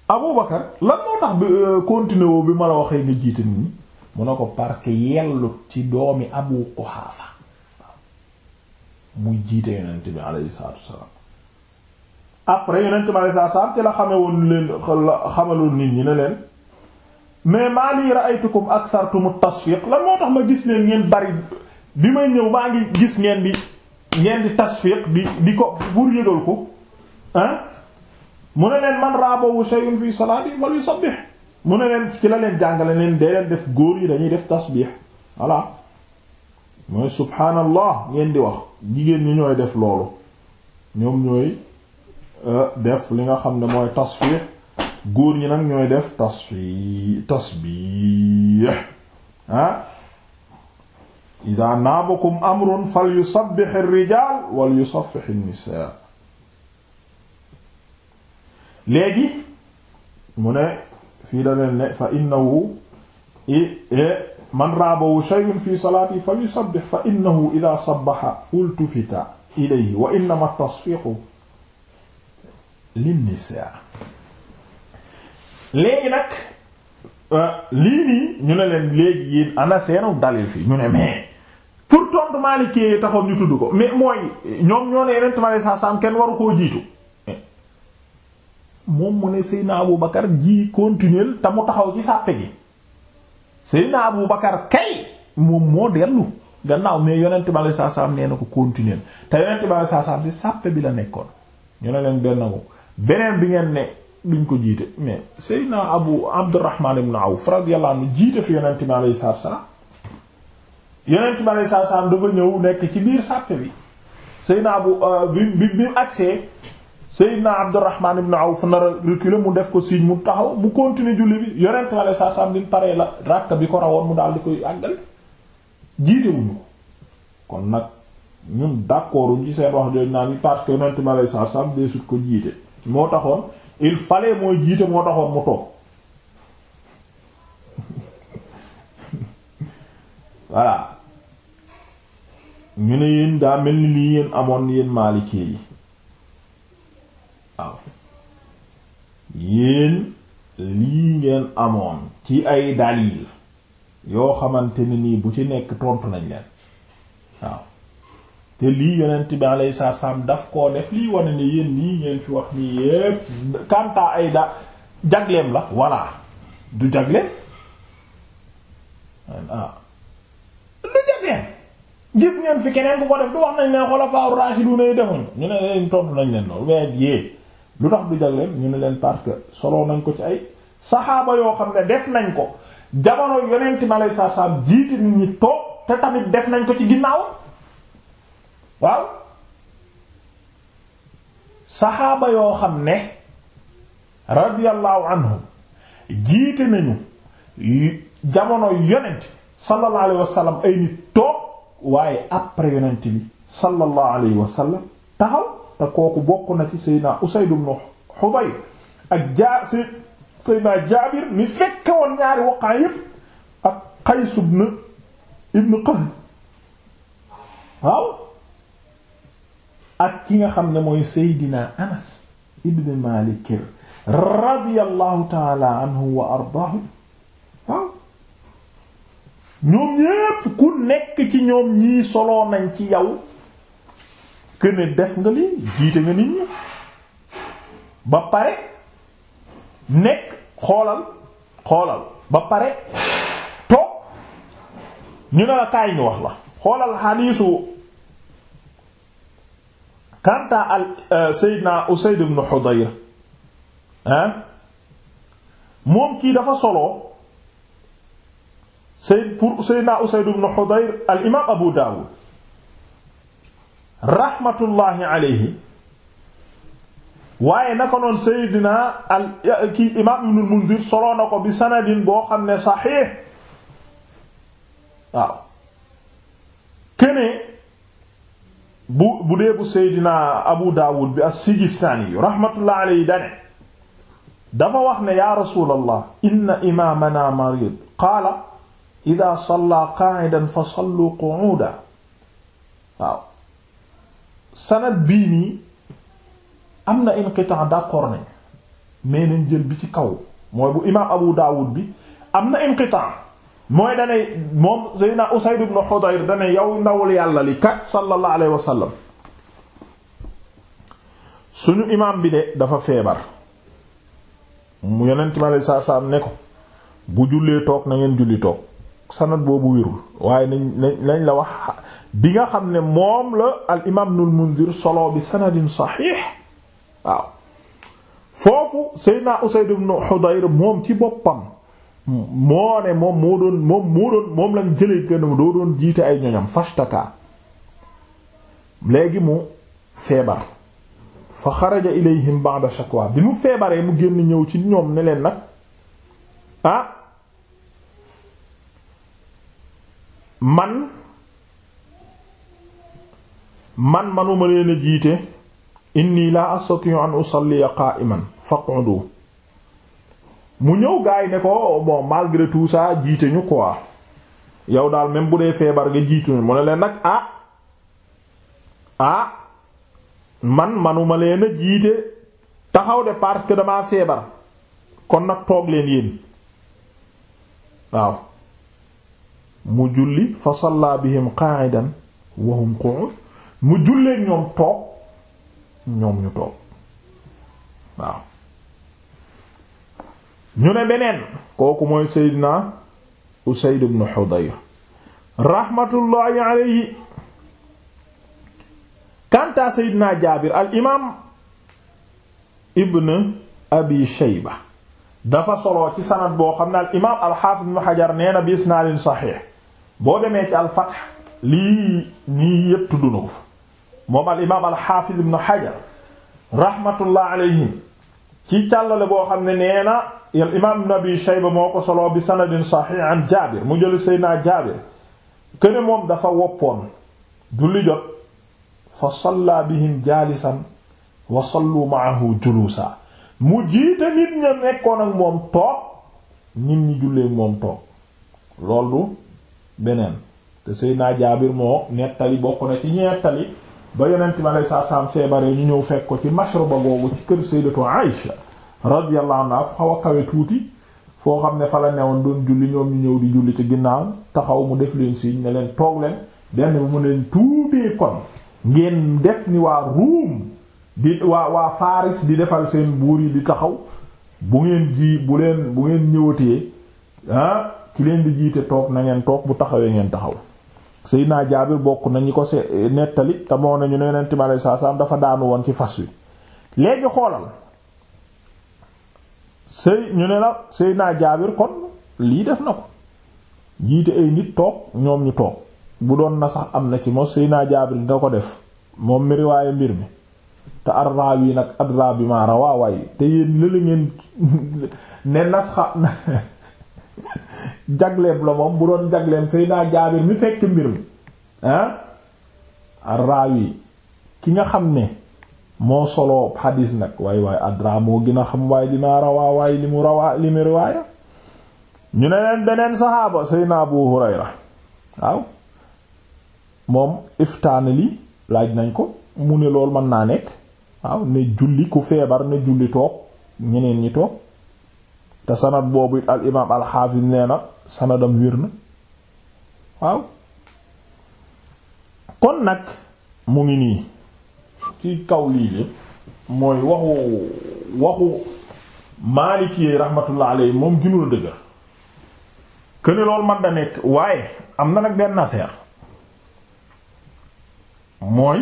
Aboubacar lan moo tax bi euh, continué woo bi ma la waxee nga jiite nit ñi mu ne ko parce que ci doomi Abu Quhafa muy jiite yonent bi alayhi salaatu wassalaam après yonent bi alayhi salaatu wassalaam ci la xame woon leen xamaloon nit ñi ne leen mais maa lii ra'aytukum akthartumu tasfiq lan moo tax ma gis leen ngeen bari bi may ñëw maa ngi gis ngeen di ngeen di tasfiq di di ko pour yëgal ko mu ne leen man raabawu shay'un fi salaati wal yusabbih mu ne leen ci la leen jàngale leen dee leen def góor yi dañuy def tasbih voilà mooy subhaanallah ngeen di wax jigéen ñi ñooy def loolu ñoom ñooy euh, def li nga xam ne mooy tasbih góor ñi nag ñooy def tasbih tasbih ah ida naabakum fa amrun fal yusabbih ar-rijaal wal yusaffih an-nisaa léegi mu ne fii da leen ne fa innahu e, man raabahu shay'un fi salaati fa yusabbih fa innahu idha sabbaha ultufita ilayhi wa innama tasfiqu linnisaa léegi nag euh, lii ñu ne leen léegi yéen ana seenu dalil fii ñu ne mais pour tontu Maalikee taxoon ñu tudd ko mais mooy ñoom ñoo ne Yonent bi sallallahu alayhi kenn waru koo jiitu moom mu ne Seydina Abu Bakar ji continuer te mu taxaw ci sàppe gi Seydina Abu Bakar kay moom moo dellu gannaaw mais yonent bale saa saam nee na ko continuer te yonent bale saa saam bi la nekkoon ñu ne leen benn ko beneen bi ngeen ne duñ ko jiite mais Seydina Abu Abdurrahman ibn Awf radiyallahu anhu jiite fi yonent bi alayhi salaatu salaam yonent bi alayhi salaatu salaam dafa ñëw nekk ci biir sàppe bi Seydina Abu euh, bi bi mu agsee Seydina Abdurrahman ibn Awf nar a reculer mu def ko signe mu taxaw mu continuer julli bi yonent la saa saam di paree la ràkk bi ko rawoon mu daal di koy àggal jiitewuñu ko kon nag ñun d'accorduñ ci seen wax jooju naan parce que yonent ma lay saa saam dee sut ko jiite moo taxoon il fallait mooy jiite moo taxoon mu toog voilà ñu ne yéen daa mel ni lii yéen amoon yéen maalikee yi yéen lii ngeen amoon ci ay dalil yoo xamante ni nii bu ci nekk tontu nañ leen waaw te lii yonent lay alayhi salaam daf koo def lii wane ne yéen lii ngeen fi wax nii yépp kanta ay da jagleem la voilà du jagleem ah du jagleem gis ngeen fi keneen ku ko def du wax nañ leen xulafaa ar-raashidun defuñ ñu ne leen tontu nañ leen loolu waaye lu tax du jalleen ñu ne leen parce que solo nañ ko ci ay saxaaba yoo xam ne def nañ ko jamono yonent mi alayhi salaatu salaam toog te tamit def nañ ko ci ginnaaw waaw saxaaba yoo xam ne radiyallahu anhum jiite nañu jamono yonent sallallahu alayhi wa ay nit toog waaye après yonent bi sallallahu alayhi taxaw te kooku bokk na ci Seydina Usayd ibn Hudayr ak ja Seydina Jaabir mi fekke woon ñaari waqaa yépp ak Qays ibn ibn Qahd waaw ak ki nga xam ne mooy Seydina Anas ibn Maalik radiyallahu taala anhu wa ardaahu waaw ñoom ñépp ku nekk ci ñoom ñii soloo nañ ci yow këne def nga lii jiite nga nit ñi ba pare nekk xoolal xoolal ba pare toog ñu ne la kaay ñu wax la xoolal xadiisu kanta al euh, Seydina Usayd ibn Hudayr ah moom kii dafa solo Seyd pour Seydina Usayd ibn Hudayr al imaam Abu Dawud raxmatullaahi alayhi waaye naka noon seydina al ki imaam ibnul mundir soloo na ko bi sanadin boo xam ne saxiix waaw kene bu bu dee bu seydina abu daawud bi as-sijistaani yu raxmatullaahi alayhi dane dafa wax ne yaa rasuulallah inna imaamana marid qaala idaa sallaa qaa'idan fa sallu qu'uudan waaw sanad bii nii am na inqitaa d'accord nañ mais nañ jël bi ci kaw mooy bu imaam Abu Dawud bi am na inqitaa mooy danay moom Seydina Usayd ibn Hudayr danay yow ndawul yàlla li kat sallallahu alayhi wa sallam suñu imaam bi de dafa feebar mu yonent mi alayhi salaatu salaam ne ko bu jullee toog na ngeen julli toog sanad boobu wérul waaye nañ nañ la wax bi nga xam ne moom la al imaam Ibnul Munzir solo bi sanadin saxiix waaw foofu Seydina Usayd ibn Hudayr moom ci boppam moo ne moom moo doon moom moo lañ jëlee kenn mu doo doon jiite ay ñoñam fashtaka léegi mu feebar fa xaraja ilayhim ba'da shakwa bi mu feebaree mu génn ñëw ci ñoom ne leen nag ah, man man manuma leen a jiite inni la astati'u an usalliya qa'iman faq'udu mu ñëw gaay ne ko bon malgré jiite ñu quoi yow daal même bu dee feebar gi jiitu ñu mu ne leen nag ah ah man manuma leen jiite taxaw de parce que damaa feebar kon nag toog leen yéen waaw mu julli fa salla bihim qa'idan wa hum qu'ud mu jullee ñoom toog ñoom ñu toog waaw ñu ne beneen kooku mooy Seydina Usayd ibn Hudayr rahmatullahi alayhi kanta Seydina Jaabir al imaam ibn Abi Shayba dafa soloo ci sanad boo xam ne al imaam al xaafis ibn Hajar nee bi isnaadin saxiix boo demee ci al Fath lii nii yépp tudd na moom al imaam al xaafiz ibn Hajar rahmatullah alayhim ci càllale boo xam ne nee na al imaam ibn Abi Shayba moo ko soloo bi sanadin saxiix an Jaabir mu jël Seydina Jaabir këne moom dafa woppoon julli jot fa salla bihim jaalisan wa sallu ma'ahu juluusa mu jiite nit ña nekkoon ak moom toog nit ñi jullee moom toog loolu beneen te Seydina Jaabir moo nettali bokk na ci ñettali ba yonent mi aleyhi salaatu salaam feebaree ñu ñëw fekk ko ci mashruba googu ci kër sayyidatu Aïsha radiyallahu anha fu xaw a kawe tuuti foo xam ne fa la newoon doon julli ñoom ñu ñëw di julli ci ginnaaw taxaw mu def leen signe ne leen toog leen benn bi mu leen tuutee kon ngeen def ni waa Ruum di waa waa di defal seen buur yi di taxaw bu ngeen ji bu leen bu ngeen ñëwatee ah ki leen di jiite toog na ngeen toog bu taxawee ngeen taxaw. naa Jaabir bokk nañu ko se nettali te moo nañu ne Yonent dafa daanu woon ci fas wi léegi xoolal sëy ñu ne la Seydina def na ko jiite ñoom ñu toog bu doon am na ci moom Seydina Jaabir dina ko def mbir mi te arraaw yi jagleem la moom bu doon jagleem Seydina Jaabir mi fekk mbir mi ah arraawi ki nga xam ne moo solo xadiis nag waay waay adra moo gën a xam waaye dinaa rawaa waaye li mu rawaa li mu riwaaya ñu ne leen beneen saxaaba Seydina Abu Hurayra waaw moom iftaana li laaj nañ ko mu ne loolu mën naa nekk waaw ne julli ku feebar ne julli toog ñeneen ñi toog te sanad boobu it al imaam al nee na sanadam wér na waaw kon nag mu ngi nii ci kaw lii de mooy waxu waxu Maalik yi rahmatullah alayhi moom gënu la dëgër këne loolu man da nekk waaye am na nag benn affaire mooy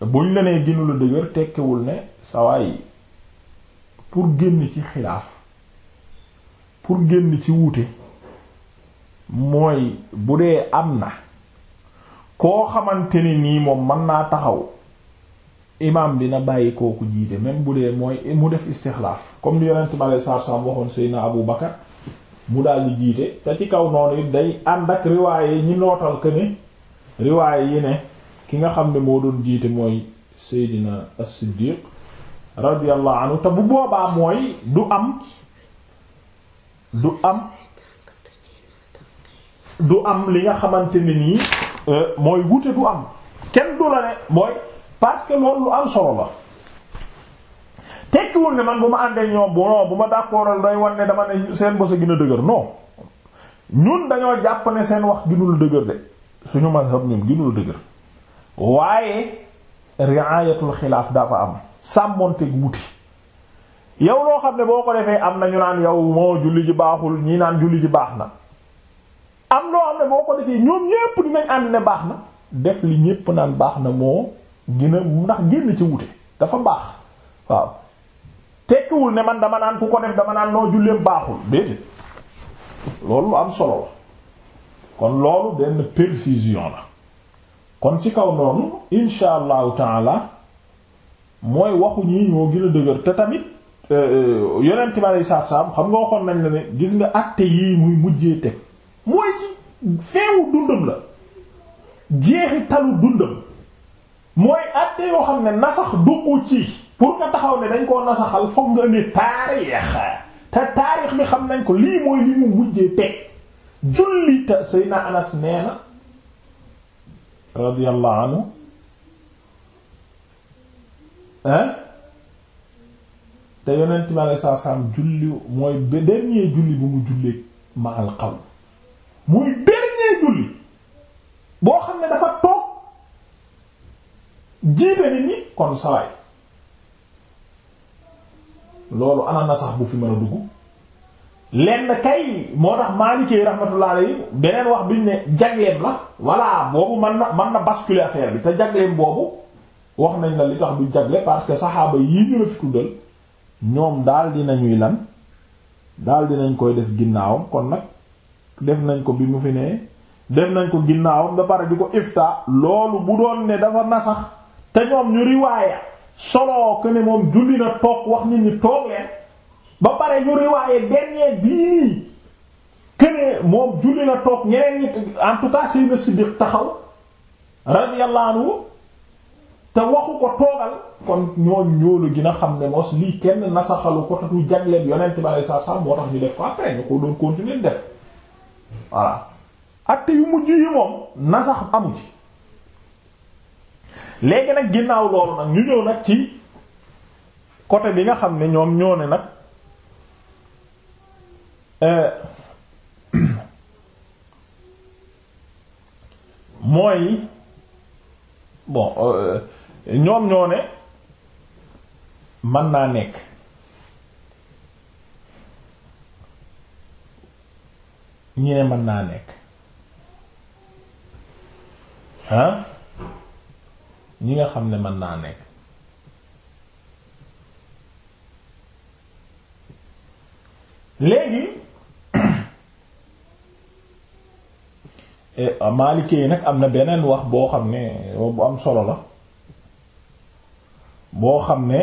buñ la nee gënu la dëgër tekkiwul ne sawaay pour génn ci xilaaf pour génn ci wuute mooy bu dee am na koo xamante ni nii moom mën naa taxaw imaam dina bàyyi kooku jiite même bu dee mooy mu def istixlaaf comme li yonent ma lay saabsaab waxoon Seydina Abu Bakar mu daal di jiite te ci kaw noonu it day ànd ak riwaaye ñi nootal que ne riwaaye yi ne ki nga xam ne moo doon jiite mooy Seydina as-Siddiq radiyallahu anhu te bu boobaa mooy du am. du am du am li nga xamante ni nii euh, mooy wute du am kenn du la ne mooy parce que loolu lu am solo la tekkiwul ne man bu ma àndee ñoom bu ma d'accordal doy wan ne dama ne seen bosa gën a dëgër noo ñun dañoo jàpp ne seen wax ginul dëgër de suñu mazhab ñun ginul dëgër waaye riayatul xilaaf dafa am sàmmonteeg wuti yow loo xam ne boo ko defee am na ñu naan yow moo julli ji baaxul ñii naan julli ji baax na am loo xam ne boo ko defee ñoom ñépp dinañ ànd ne baax na def li ñépp naan baax na moo gën a ndax génn ci wute dafa baax waaw tekkiwul ne man dama naan ku ko def dama naan noo julleem baaxul déedéet loolu am solo la kon loolu benn précision la kon ci kaw noonu insha allahu taala mooy waxu ñii ñoo gën a dëgër te tamit Euh, euh, yonent bi aleyhi salaatu xam nga waxoon nañ la ne gis nga acte yii muy mujjee teg mooy feewu dundam la jeexi talu dundam mooy acte yoo xam ne nasax duggu ci pour nga taxaw ne dañ koo nasaxal foog nga ne taarix te taarix bi xam nañ ko lii mooy li mu mujjee teg julli ta Anas nee na radiyallahu anhu te yonent mi alei saatu julli mooy dernier julli bu mu jullee maal xaw muy dernier julli boo xam ne dafa toog jiite nit ñi kon sawaay loolu ana sax bu fi mën a dugg lenn kay moo tax Maliki rahmatullah alayhi beneen wax bi ne jagleem la voilà boobu mën na man na basculer affaire bi te jagleem boobu wax nañ la li tax bu jagle parce que saxaaba yii ñu la fi tuddal ñoom daal dinañuy lan daal dinañ koy def ginnaaw kon nag def nañ ko bi mu fi nee def nañ ko ginnaaw ba pare di ko ifta loolu bu doon ne dafa nasax te ñoom ñu riwaaya solo que moom julli na toog wax nit ñi toog leen ba pare ñu riwaaya dernier bii que moom julli na toog ñeneen ñi en tout cas Sayyidina Siddiq taxaw radiyallahu te waxu ko toogal kon ñooñu ñoo gi na xam ne mos lii kenn nasaxalu ko te du jagleel yonent ba lay sax moo tax ñu def ko après ñu ko doon continuer def voilà acte yu mujj yi moom nasax amu ci. léegi nag ginnaaw loolu nag ñu ñëw nag ci côté bi nga xam ne ñoom ñoo ne nag euh, mooy bon. Euh, ñoom ñoo ne mën naa nekk ñi ne mën naa nekk ah ñi nga xam ne mën naa nekk léegi eh, Maalikee nag am na beneen wax boo xam ne bu am solo la boo xam ne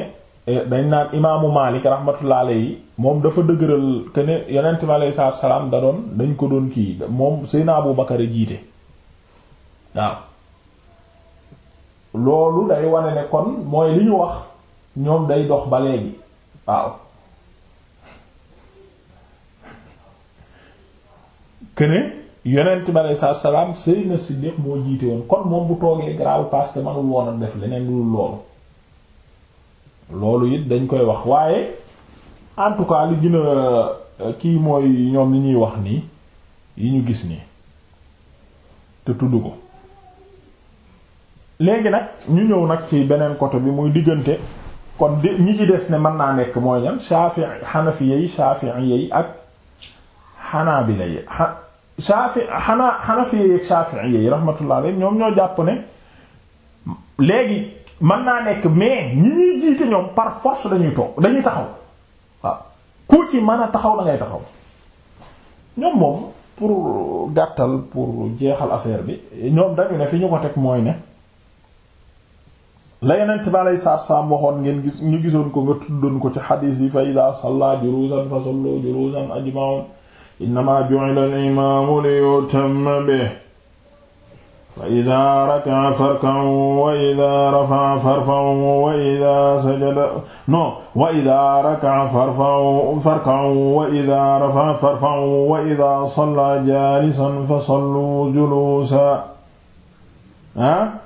eh, dañ naan imaamu Maalik rahmatullah alayhi moom dafa dëgëral que ne yonent bi alayhi salaam da doon dañ ko doon kii moom Seydina Abu Bakar a jiite waaw loolu day wane ne kon mooy li ñu wax ñoom day dox ba léegi waaw këne yonent bi aleyhi salaatu salaam Seydina Siddiq moo jiite woon kon moom bu toogee garaaw parce que manul woon a def leneen lu loolu loolu it dañ koy wax waaye en tout cas li euh, kii mooy ñoom li ñuy wax nii yi ñu gis nii te tudd ko léegi nag ñu ñëw nag ci beneen côté bi muy diggante kon di ñi ci des ne mën naa nekk mooy ñan Shafi'i Hanafiya yi Shafi'iyya yi ak Hanabila yi Shafi Hana Hanafiya yi ak Shafi'iyya yi rahmatullah alayhim ñoom ñoo jàpp ne léegi man naa nekk mais ñi ñuy jiite ñoom par force dañuy toog dañuy taxaw waaw ku ci mën a taxaw da ngay taxaw ñoom moom pour gàttal pour jeexal affaire bi ñoom dañu ne fi ñu ko teg mooy ne la yeneen bi alei saatu salaam ngeen gis ñu gisoon ko nga tuddoon ko ci xadiis yi fa ida salla juruusan fa sallu juruusan ajma'un innama ju'ila al-imamu li yutamma bihi wa ida raka'a farka'u wa ida rafa'a farfa'u wa ida sajada non wa ida raka'a farfa'u farka'u wa ida rafa'a farfa'u wa ida salla jaalisan fa sallu juluusa ah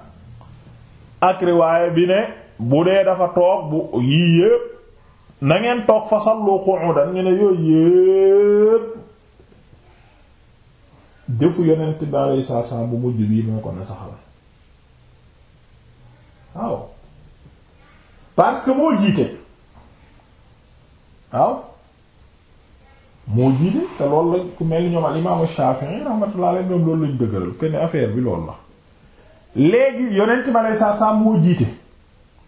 ak riwaaya bi ne bu dee dafa toog bu yii yépp na ngeen toog fa sallu qu'udan ñu ne yooyu yépp jëfu yonent bi alayhi salaatu salaam bu mujj bii moo ko na saxal waaw parce que moo jiite waaw moo jiite te lool la ku mel ñoom al imaamu Shafi'i rahmatullahi alayhi ñoom loolu lañ dëgëral kenn affaire bi loolu la léegi yonent bi alayhi salaatu salaam moo jiite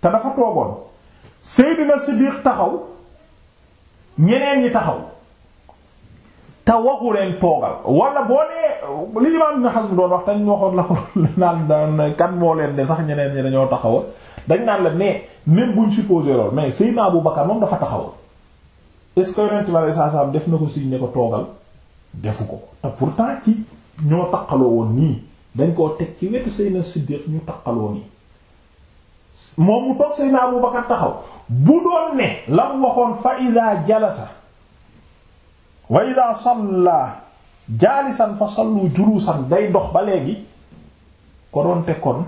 te dafa toogoon Seydina Siddiq taxaw ñeneen ñi taxaw te waxu leen toogal walla boo nee li imaam Ibn Hazm doon wax dañ waxoon la ko naan daan kan moo leen ne sax ñeneen ñi dañoo taxawoon dañ naan la mais même buñ supposé lool mais Seydina Abu Bakar moom dafa taxawoon est-ce que Yonent bi sallallahu alayhi wasallam def na ko signe ne ko toogal defu ko te pour pourtant ci ñoo taxaloo woon nii dañ koo teg ci wetu Seydina Siddiq ñu taqaloo nii moom mu toog Seydina Abu Bakar taxaw bu doon ne la mu waxoon fa iza jalasa wa ida salla jaalisan fa sallu julusan day dox ba léegi ko doonte kon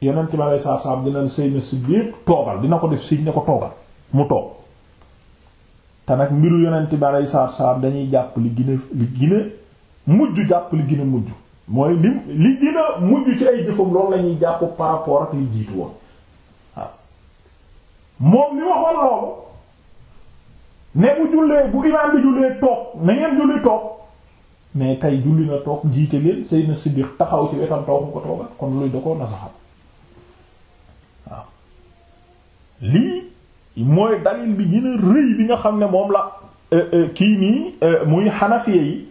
yonent bi alei satu salaam dina Seydina Siddiq toogal dina ko def siñ ne ko toogal mu toog te nag mbiru yonent ba alei satu dañuy jàpp li gën a li gën a mujj jàpp li gën a mujj mooy li li gën a ci ay jëfam loolu la jàpp par ak li jiitu woon waaw moom mi waxoon loolu ne bu jullee bu imaam bi jullee toog na julli toog mais tey julli na toog jiite leen Seydina Siddiq taxaw ci wetam toog ko toogat kon luy da ko nasaxal waaw lii mooy dalil bi gën a rëy bi nga xam ne moom la euh, euh, kii nii euh, muy xanafiye yi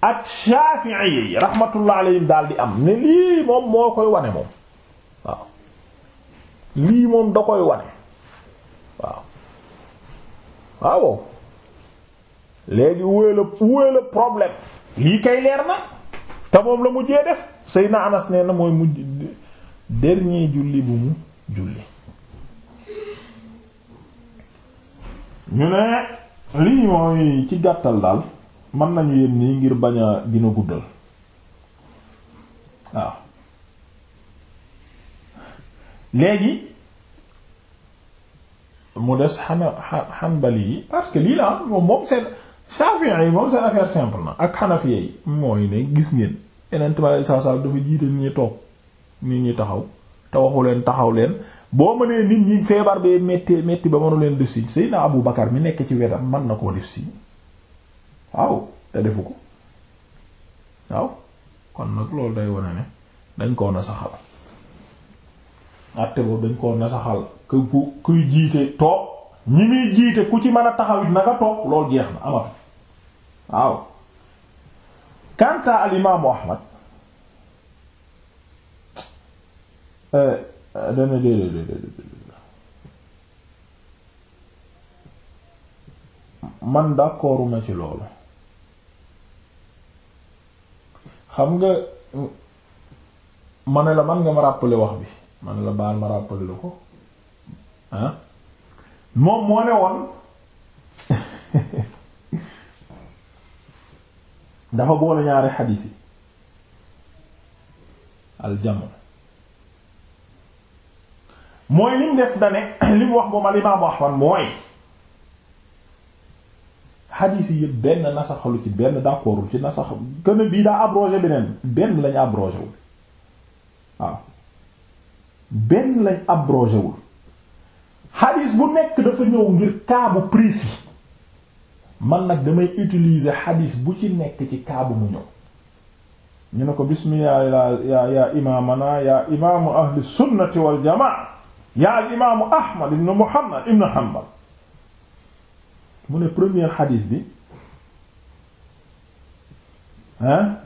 ak shaafiiye yi rahmatullah alayhim daal di am ne lii moom moo koy wane moom waaw lii moom da koy wane waaw waaw ah léegi wóoy la wóoy la problème lii kay leer na te moom la mujjee def Seydina Anas nee la mooy mujj dernier julli bu mu julli ñu ne lii mooy ci gàttal daal mën nañu yem nii ngir bañ a dina guddal waaw léegi mu des xana xanbali yi parce que lii la moom moom seen Shafi'i yi moom seen affaire simple na ak Hanafi yi mooy ne gis ngeen yeneen tubaab yi saa saa dafa jiite nit toog nit ñi taxaw te waxu leen taxaw leen boo mënee nit ñi feebar bee métti métti ba mënu leen def si Seydina Abu Bakar mi nekk ci wetam man na koo def si waaw te defu ko waaw kon nag loolu day wane ne dañ koo nasaxal àtte boobu dañ koo nasaxal. ku ku kuy jiite toog ñi muy jiite ku ci mën a taxawit na nga toog loolu jeex na amatu waaw kanta al imaamu ahmad eh, eh, dana déedéet déedéet man d'accorduma ci loolu xam nga ma ne la man nga ma rappeler wax bi ma ne la baal ma rappeler la ko ah moom moo ne woon dafa boole ñaari xadiis yi aljamu mooy liñ def dane li wax moom al imaamu Ahmad mooy xadiis yi yëpp benn nasaxalu ci benn d'accordul ci nasax gën bii daa abrogé beneen benn lañ abrogé wul waaw benn lañ abrogé wul xadis bu nekk dafa ñëw ngir kaabu précis man nag damay utilise xadis bu ci nekk ci kaabu mu ñëw ñu ne ko bismillah ya ya ya imaamu ahli sunnati wal jamaa ya ahmad ibn muhammad ibn hanbal mu ne premier xadis bi hein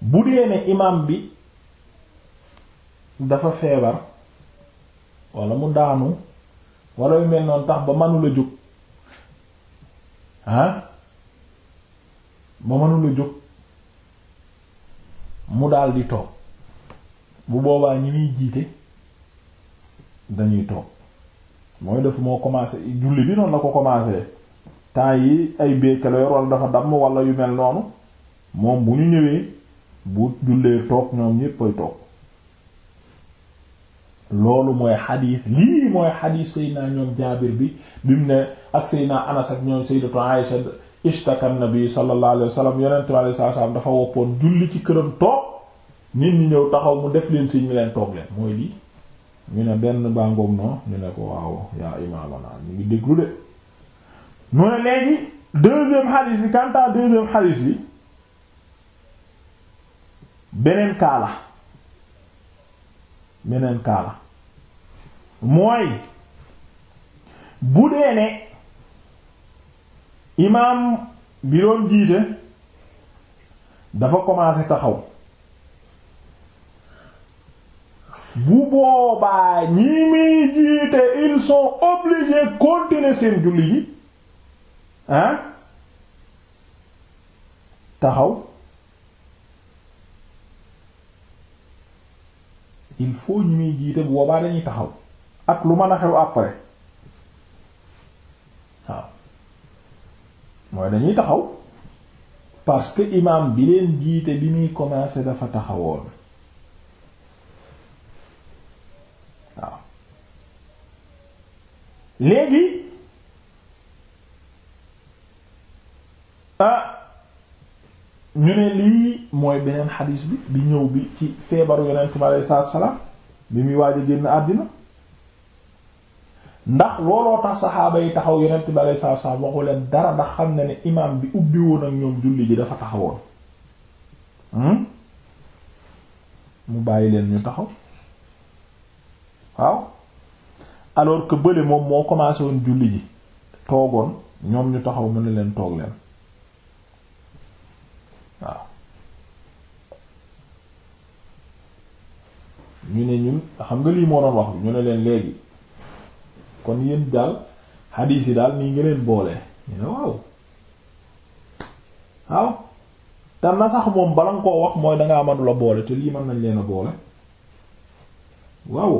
bu dee ne imaam bi dafa feebar wala mu daanu wala yu mel noonu tax ba manula jóg ah ba manula jóg mu daldi toog bu boobaa ñi muy jiite dañuy toog mooy def moo commencé julli bi noonu la ko commencé temps yi ay béykale yor wala dafa damm wala yu mel noonu moom bu ñu ñëwee bu jullee toog ñoom ñépp ay toog loolu mooy xadiis lii mooy xadiis Seydina ñoom Jaabir bi bi mu ne ak Seydina Anas ak ñoom Sayyidatu Aisha ishtaka nabi sallallahu alayhi wa sallam yonent bi alayhi salaam dafa woppoon julli ci këram toog nit ñi ñëw taxaw mu def leen si ñu leen toog leen mooy lii ñu ne benn bàngoom noonu ñu ne ko waaw yaa imaamana ñu ngi déglu de mu ne léegi deuxième xadiis bi kantaa deuxième xadiis bi beneen kaala beneen kaala mooy bu dee ne imaam bi doon jiite dafa commencé taxaw bu boobaa ñi muy jiite ils sont obligés continuer seen julli yi ah taxaw il faut ñu muy jiite bu boobaa dañuy taxaw ak lu mën a xew après waaw mooy dañuy taxaw parce que imam bi leen jiite bi ñuy commencé dafa taxawoon waaw léegi ah ñu ne lii mooy beneen xadiis bi bi ñëw bi ci feebaru yonent bi aleyhi salaatu salaam bi muy waaj a génn àddina ndax looloo tax saxaaba yi taxaw yonent bi alei satu salaam waxu leen dara ndax xam ne ne imaam bi ubbi woon ak ñoom julli ji dafa taxawoon hmm? mu bàyyi leen ñu taxaw waaw alors que bële moom moo commencé woon julli ji toogoon ñoom ñu taxaw mën na leen toog leen waaw ñu ne ñun xam nga lii moo doon wax ñu ne leen léegi kon yéen daal xadiis yi daal nii ngi boole ñu ne waaw waaw te nasax moom bala nga koo wax mooy dangaa manula boole te lii mën nañ leen a boole waaw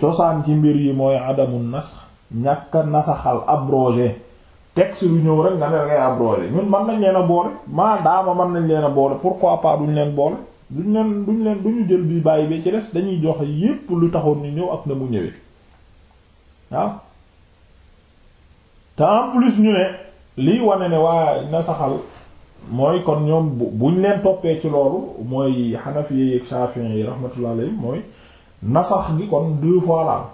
cosaan ci mbir yi mooy adamu nasax ñàkk nasaxal abrogé texte lu ñëw rek nga ne ngay abrogé ñun mën nañ leen a boole maa daa daama mën nañ leen a boole pourquoi pas duñ leen boole duñ leen duñ leen duñu jël bii bàyyi bi ci des dañuy joxe yépp lu taxoon ni ñëw ak na mu ñëwee waaw te en plus ñu ne liy wane ne waa na mooy kon ñoom buñ leen toppee ci loolu mooy Hanafi yi ak Shafi'i yi rahmatullah alayhi mooy nasax gi kon deux fois la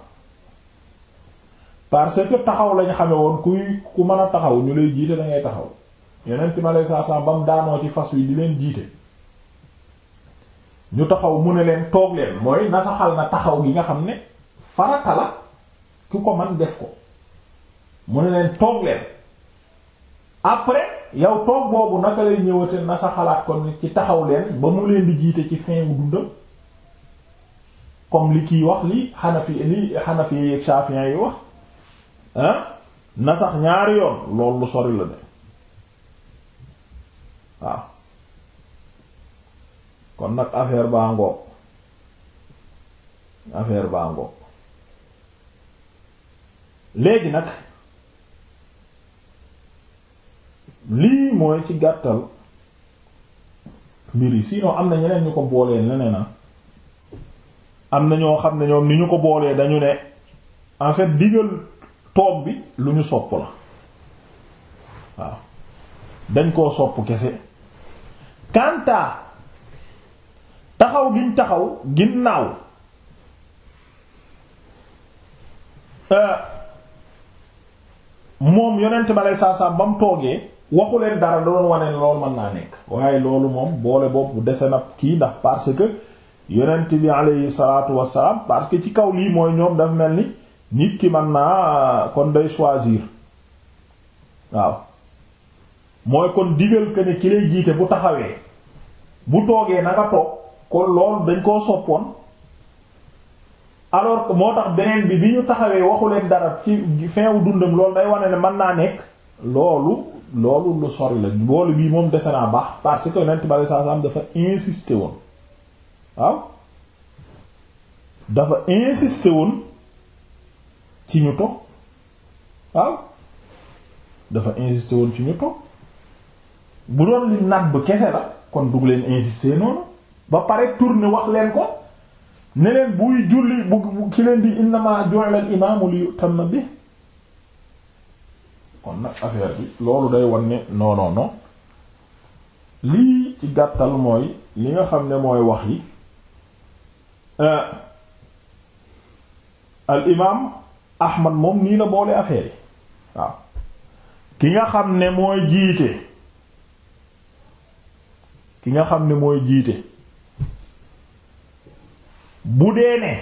parce que taxaw lañ xame woon kuy ku mën a taxaw ñu lay jiite da taxaw yeneen ci malay saa saa ba mu daanoo ci fas wi di leen jiite ñu taxaw mu ne leen toog leen mooy nasaxal na taxaw gi nga xam ne farata la ku ko man def ko mu ne leen toog leen après yow toog boobu naka lay ñëwate na sa xalaat kon ci taxaw leen ba mu leen di jiite ci fin wu dundam comme li kii wax li fi li Hanafi yeeg Shafi'i yi wax ah na sax ñaari yoon loolu sori la ne waaw kon nag affaire baa ngoog affaire baa ngoog léegi nag lii mooy ci gàttal mbir yi sinon am na ñeneen ñu ko boolee leneen ah. am na ñoo xam ne ñoom ni ñu ko boolee dañu ne en fait digal toog bi lu ñu sopp la waaw dañ koo sopp kese kanta taxaw giñ taxaw ginnaaw. Euh, moom yonent ma lay saa ba mu toogee waxu leen dara da doon wane loolu mën naa nekk waaye loolu moom boole boobu dese na kii ndax parce que yonent bi alayhi salaatu wassalaam parce que ci kaw lii mooy ñoom daf mel ni nit ki mën naa kon day choisir waaw mooy kon digal que ne ki lay jiite bu taxawee bu toogee na toog kon loolu dañ koo soppoon alors que moo tax beneen bi bi ñu taxawee waxu leen dara ci fin wu dundam loolu day wane ne mën naa nekk loolu loolu lu sori la boolu bii moom dese naa baax parce que yonent bi sallallahu alayhi wasallam dafa insister woon waaw dafa insister woon ci ñu toog waaw dafa insister woon ci ñu toog bu doon li nat bu kese la kon dugg leen insister noonu ba pare tour tourner wax leen ko ne leen buy julli bu ki leen di innama ju'ila al imaamu li yutamma bi kon nag affaire bi loolu day won ne non lii ci gàttal mooy li nga xam ne mooy wax yi euh, al imaam Ahmad moom nii la boole affaire yi waaw ki nga xam ne mooy jiite ki nga xam ne mooy jiite bu dee ne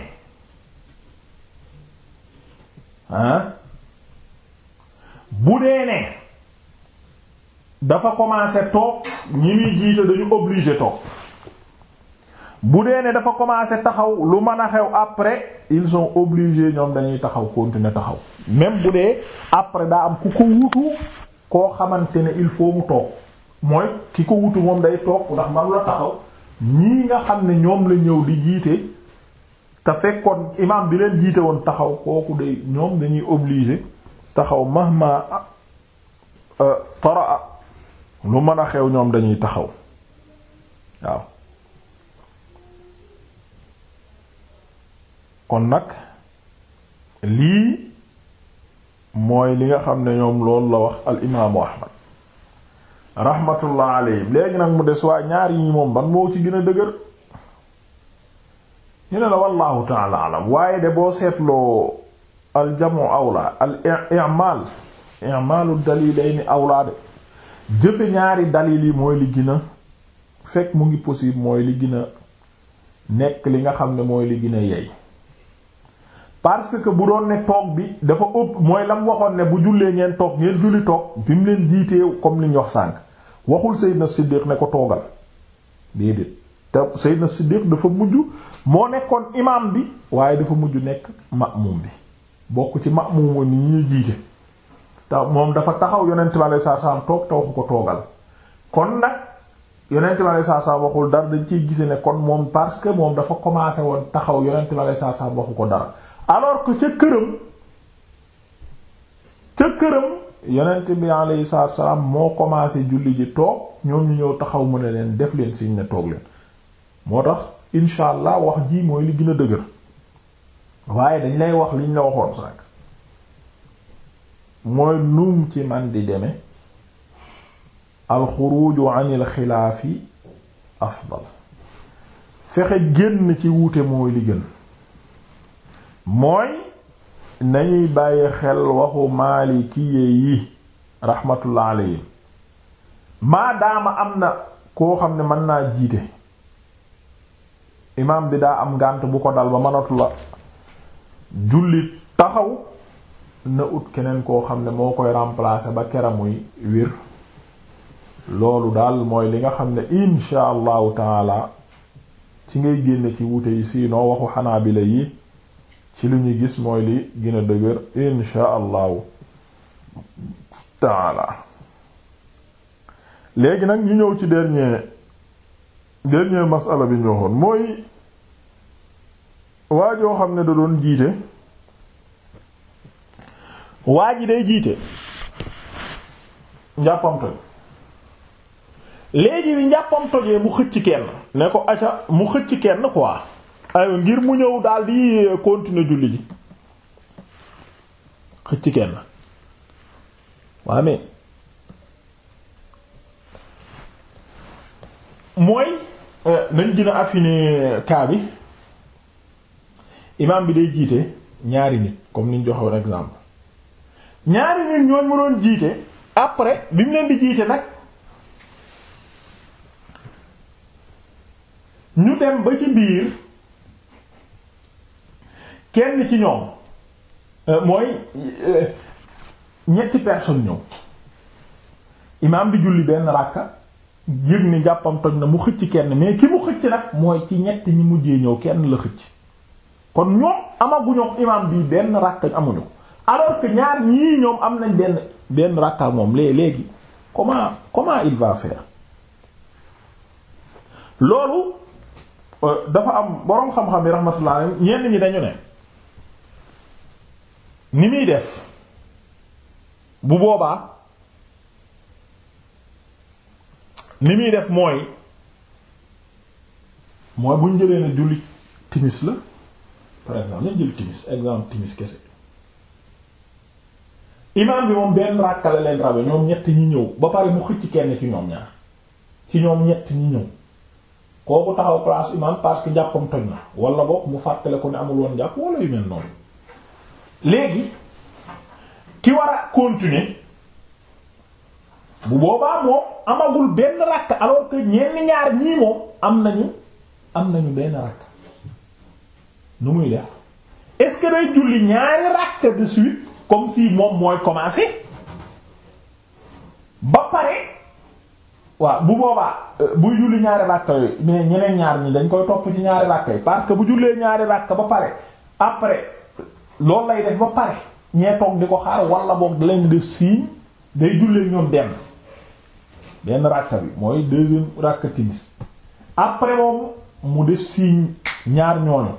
ah, bu dee dafa commencé toog ñi muy jiite dañu obligé toog bu dee ne dafa commencé taxaw lu mën a xew après ils sont obligés ñoom dañuy taxaw continuer taxaw même bu dee après daa am ku ko wutu koo xamante ne il faut mu toog mooy ki ko wutu moom day toog ndax man la taxaw ñii nga xam ne ñoom la ñëw di jiite te fekkoon imaam bi leen jiite woon taxaw kooku day ñoom dañuy obligé taxaw mahma euh, tara lu mën a xew ñoom dañuy taxaw waaw kon nag lii mooy li nga xam ne ñoom loolu la wax al imaamu ahmad rahmatullah alayhi léegi nag mu des waa ñaar yi moom ban moo ci gën a dëgër ñu ne la wallahu taala waaye de boo seetloo aljamu awla al i'mal i'malu dalilayni awla de jëfe ñaari dalil yi mooy li gën a fekk mu ngi possible mooy li gën a nekk li nga xam ne mooy li gën a yey parce que bu doon ne toog bi dafa ëpp mooy lam waxoon ne bu jullee ngeen toog ngeen julli toog bi mu leen jiitee comme li ñu wax sànk waxul Seydina Siddiq ne ko toogal déedéet te Seydina Siddiq dafa mujj moo nekkoon imaam bi waaye dafa mujj nekk ma ma'muum bi bokk ci ma'muum ni ñuy jiite te moom dafa taxaw yonent bi alayhi salaam toog te waxu ko toogal kon nag yonent bi alayhi salaam waxul dara dañ ciy gise ne kon moom parce que moom dafa commencé woon taxaw yonent bi alayhi salaam waxu ko dara alors que ca këram ca këram yonent bi alayhi salaam moo commencé julli ji toog ñoom ñu ñëw taxaw mu ne leen def leen siñ ne toog leen moo tax incha allah wax ji mooy li gën a dëgër waaye dañ lay wax liñ la waxoon sànq mooy num ci man di deme alxuruju anil xilaafi afdal fexe génn ci wuute mooy li gën mooy nañuy bàyyi xel waxu maalikiye yi rahmatullah alayhi maadaama am na koo xam ne mën naa jiite imaam bi daa am ngànt bu ko dal ba mënatu la julli taxaw na ut keneen koo xam ne moo koy remplacer ba kera muy loolu daal mooy li nga xam ne insha allahu taala ci ngay génne ci wuute yi siinoo waxu xanaabila yi ci li ñu gis mooy li gën a dëgër insha allahu taala léegi nag ñu ñëw ci dernier dernier masala bi ñu mooy waa joo xam ne da doon jiite waa ji day jiite njàppam toj léegi bi njàppam tojee mu xëcc kenn ne ko aca mu xëcc kenn quoi aywa ngir mu ñëw daal di euh, continuer julli ji xëcc kenn waa mais mooy nañ gën a affiner euh, cas bi imaam bi day jiite ñaari nit comme ni ñu exemple ñaari nit ñooñ mu doon jiite après bi mu leen di jiite nag ñu dem ba ci biir kenn ci ñoom euh, mooy euh, ñetti personne ñëw imaam bi julli benn ràkka yëg ni jàppam toj na mu xëcc kenn mais ki mu xëcc nag mooy ci ñett ñi mujjee ñëw kenn la xëcc kon ñoom amaguñoom imaam bii benn rakk amuñu alors que ñaar ñii ñoom am nañ benn benn rakk moom moom léegi comment comment il va faire loolu euh, dafa am boroom xam-xam yi rahmatullah ñenn ñi dañu ne ni muy def bu boobaa. ni muy def mooy mooy buñ jëlee ne julli timis la par exemple lañ jël timis exemple timis kese imaam bi benn ràkkale leen rabe ñoom ñett ñi ñëw ba pare mu xëcc kenn ci ñoom ñaar ci ñoom ñett ñi ñëw kooku taxaw place imaam parce que jàppam toj na wala boog mu fàttale ko ne amul woon jàpp wala yu mel noonu léegi ki war a continuer bu boobaa moom amagul benn rakk alors que ñenn ñaar ñii moom am nañu am nañu benn rakk nu muy def est-ce que day julli ñaari rakk de suite comme si moom mooy commencé ba pare waaw bu boobaa euh, buy julli ñaari rakk yi mais ñeneen ñaar ñi dañ koy topp ci ñaari rakk yi parce que bu jullee ñaari rakk ba pare après loolu lay def ba pare ñee toog di ko xaar wala boog di leen def signe day jullee ñoom dem. benn ràkka bi mooy deuxième ràkka timis après moom mu def signe ñaar ñooñu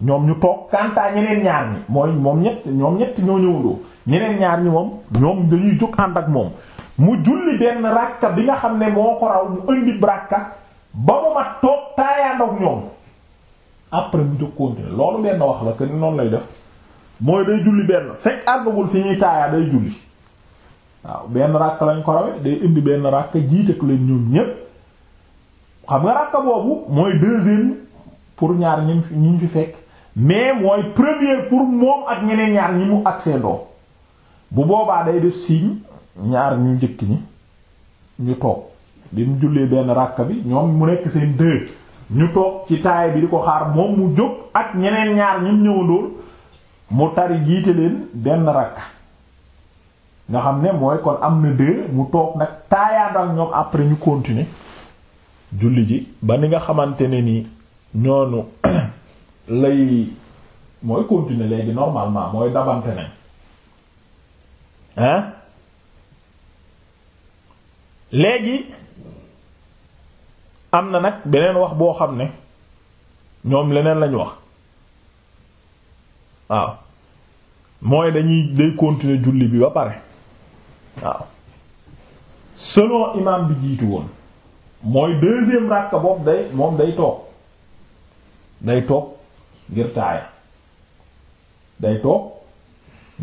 ñoom ñu toog kantaa ñeneen ñaar ñi mooy moom ñett ñoom ñett ñoo ñëwandoo ñeneen ñaar ñi moom ñoom dañuy jóg ànd ak moom mu julli benn ràkka bi nga xam ne moo ko raw mu indi ràkka ba mu ma toog taayaand ak ñoom après mu jóg continuer loolu benn wax la que ni noonu lay def mooy day julli benn fekk àggagul fi ñuy taayaa day julli waaw benn ràkk lañ ko rawe day indi benn ràkk jiite ku leen ñoom ñépp xam nga ràkk boobu mooy deuxième pour ñaar ñi ñu fi fekk mais mooy première pour moom ak ñeneen ñaar ñi mu agsee ndoo bu boobaa day def signe ñaar ñu njëkk ñi ñu toog bi mu jullee benn ràkk bi ñoom mu nekk seen deux ñu toog ci taay bi di ko xaar moom mu jóg ak ñeneen ñaar ñi mu ñëwandool mu tari jiite leen benn ràkk nga xam ne mooy kon am na deux mu toog nag taayaandal ñoom après ñu continuer julli ji ba ni nga xamante ne ni ñoonu lay mooy continuer léegi normalement mooy dabante nañ hein léegi am na nag beneen wax boo xam ne ñoom leneen lañu wax waaw mooy dañuy day continuer julli bi ba pare waaw selon imam bi jiitu woon mooy deuxième ràkk boobu day moom day toog day toog ngir taaya day toog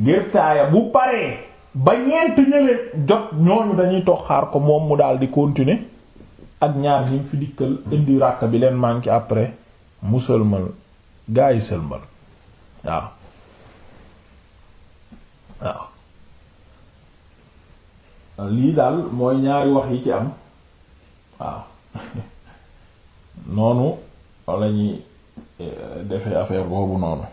ngir taaya bu paree ba ñeent ñële jot ñooñu dañuy toog xaar ko moom mu daal di continuer ak ñaar ñi fi dikkal indi ràkk bi leen manqué après mu sëlmal gaa sëlmal waaw waaw lii daal mooy ñaari wax yi ci am waaw noonu la ñuy eh, defee affaire boobu noonu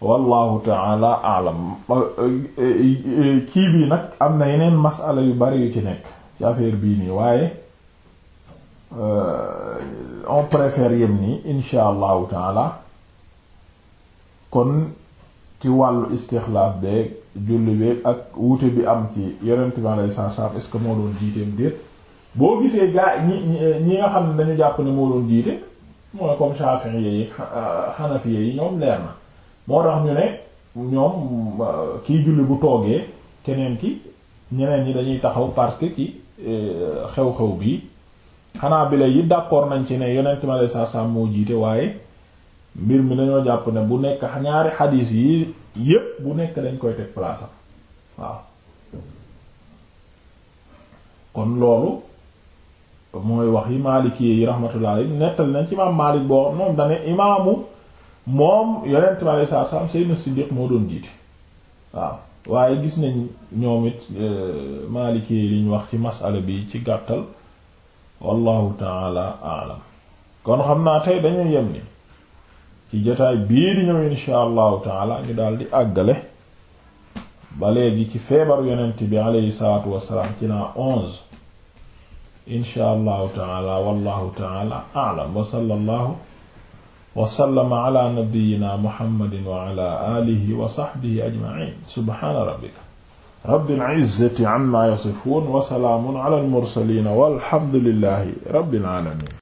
wallahu taala alam eh, eh, kii bii nag am na yeneen masala yu bari yu ci nekk ci affaire bii nii waaye on préfère yem nii insha allahu kon ci wàllu istixlaaf beeg julli beeg ak wuute bi am ci yonent bi alayhi salaam est-ce que moo doon jiiteem déet boo gisee gaa ñi ñi nga xam ne dañu jàpp ne moo doon jiite mooy comme Shafi'i yi euh, Hanafi yi ñoom leer na moo tax ñu ne ñoom euh, kiy julli bu toogee keneen ki ñeneen ñi dañuy taxaw parce que ci euh, xew-xew bi xanaa bi la yi d'accord nañ ci ne yonent bi alayhi salaam moo jiite waaye. mbir mi dañoo jàpp ne bu nekk ñaari xadiis yi yépp bu nekk dañ koy teg place am waaw kon loolu mooy wax yi Maalik yi rahmatullah alayhi nettal nañ ci imaam Maalik boo xam moom dane imaamu moom yonent bi alayhi salaatu salaam Siddiq moo doon jiite waaw waaye gis nañ ñoom it euh, Maalik yi wax ci masala bi ci gàttal wallahu taala alam kon xam naa tey dañuy yem ni ci jotaay bii di ñëw insha allahu taala ñu daal di àggale ba léegi ci feebar yonent bi aleyhi salaatu wassalaam ci naa onze insha allahu taala wallahu taala a'lam wa sallallahu wa sallama ala nabiyyina muhammadin wa ala alihi wa sahbihi ajma'in subhana rabbika rabbil izzati amma yasifun wa salaamun ala al mursalin walhamdulillahi rabbil alamin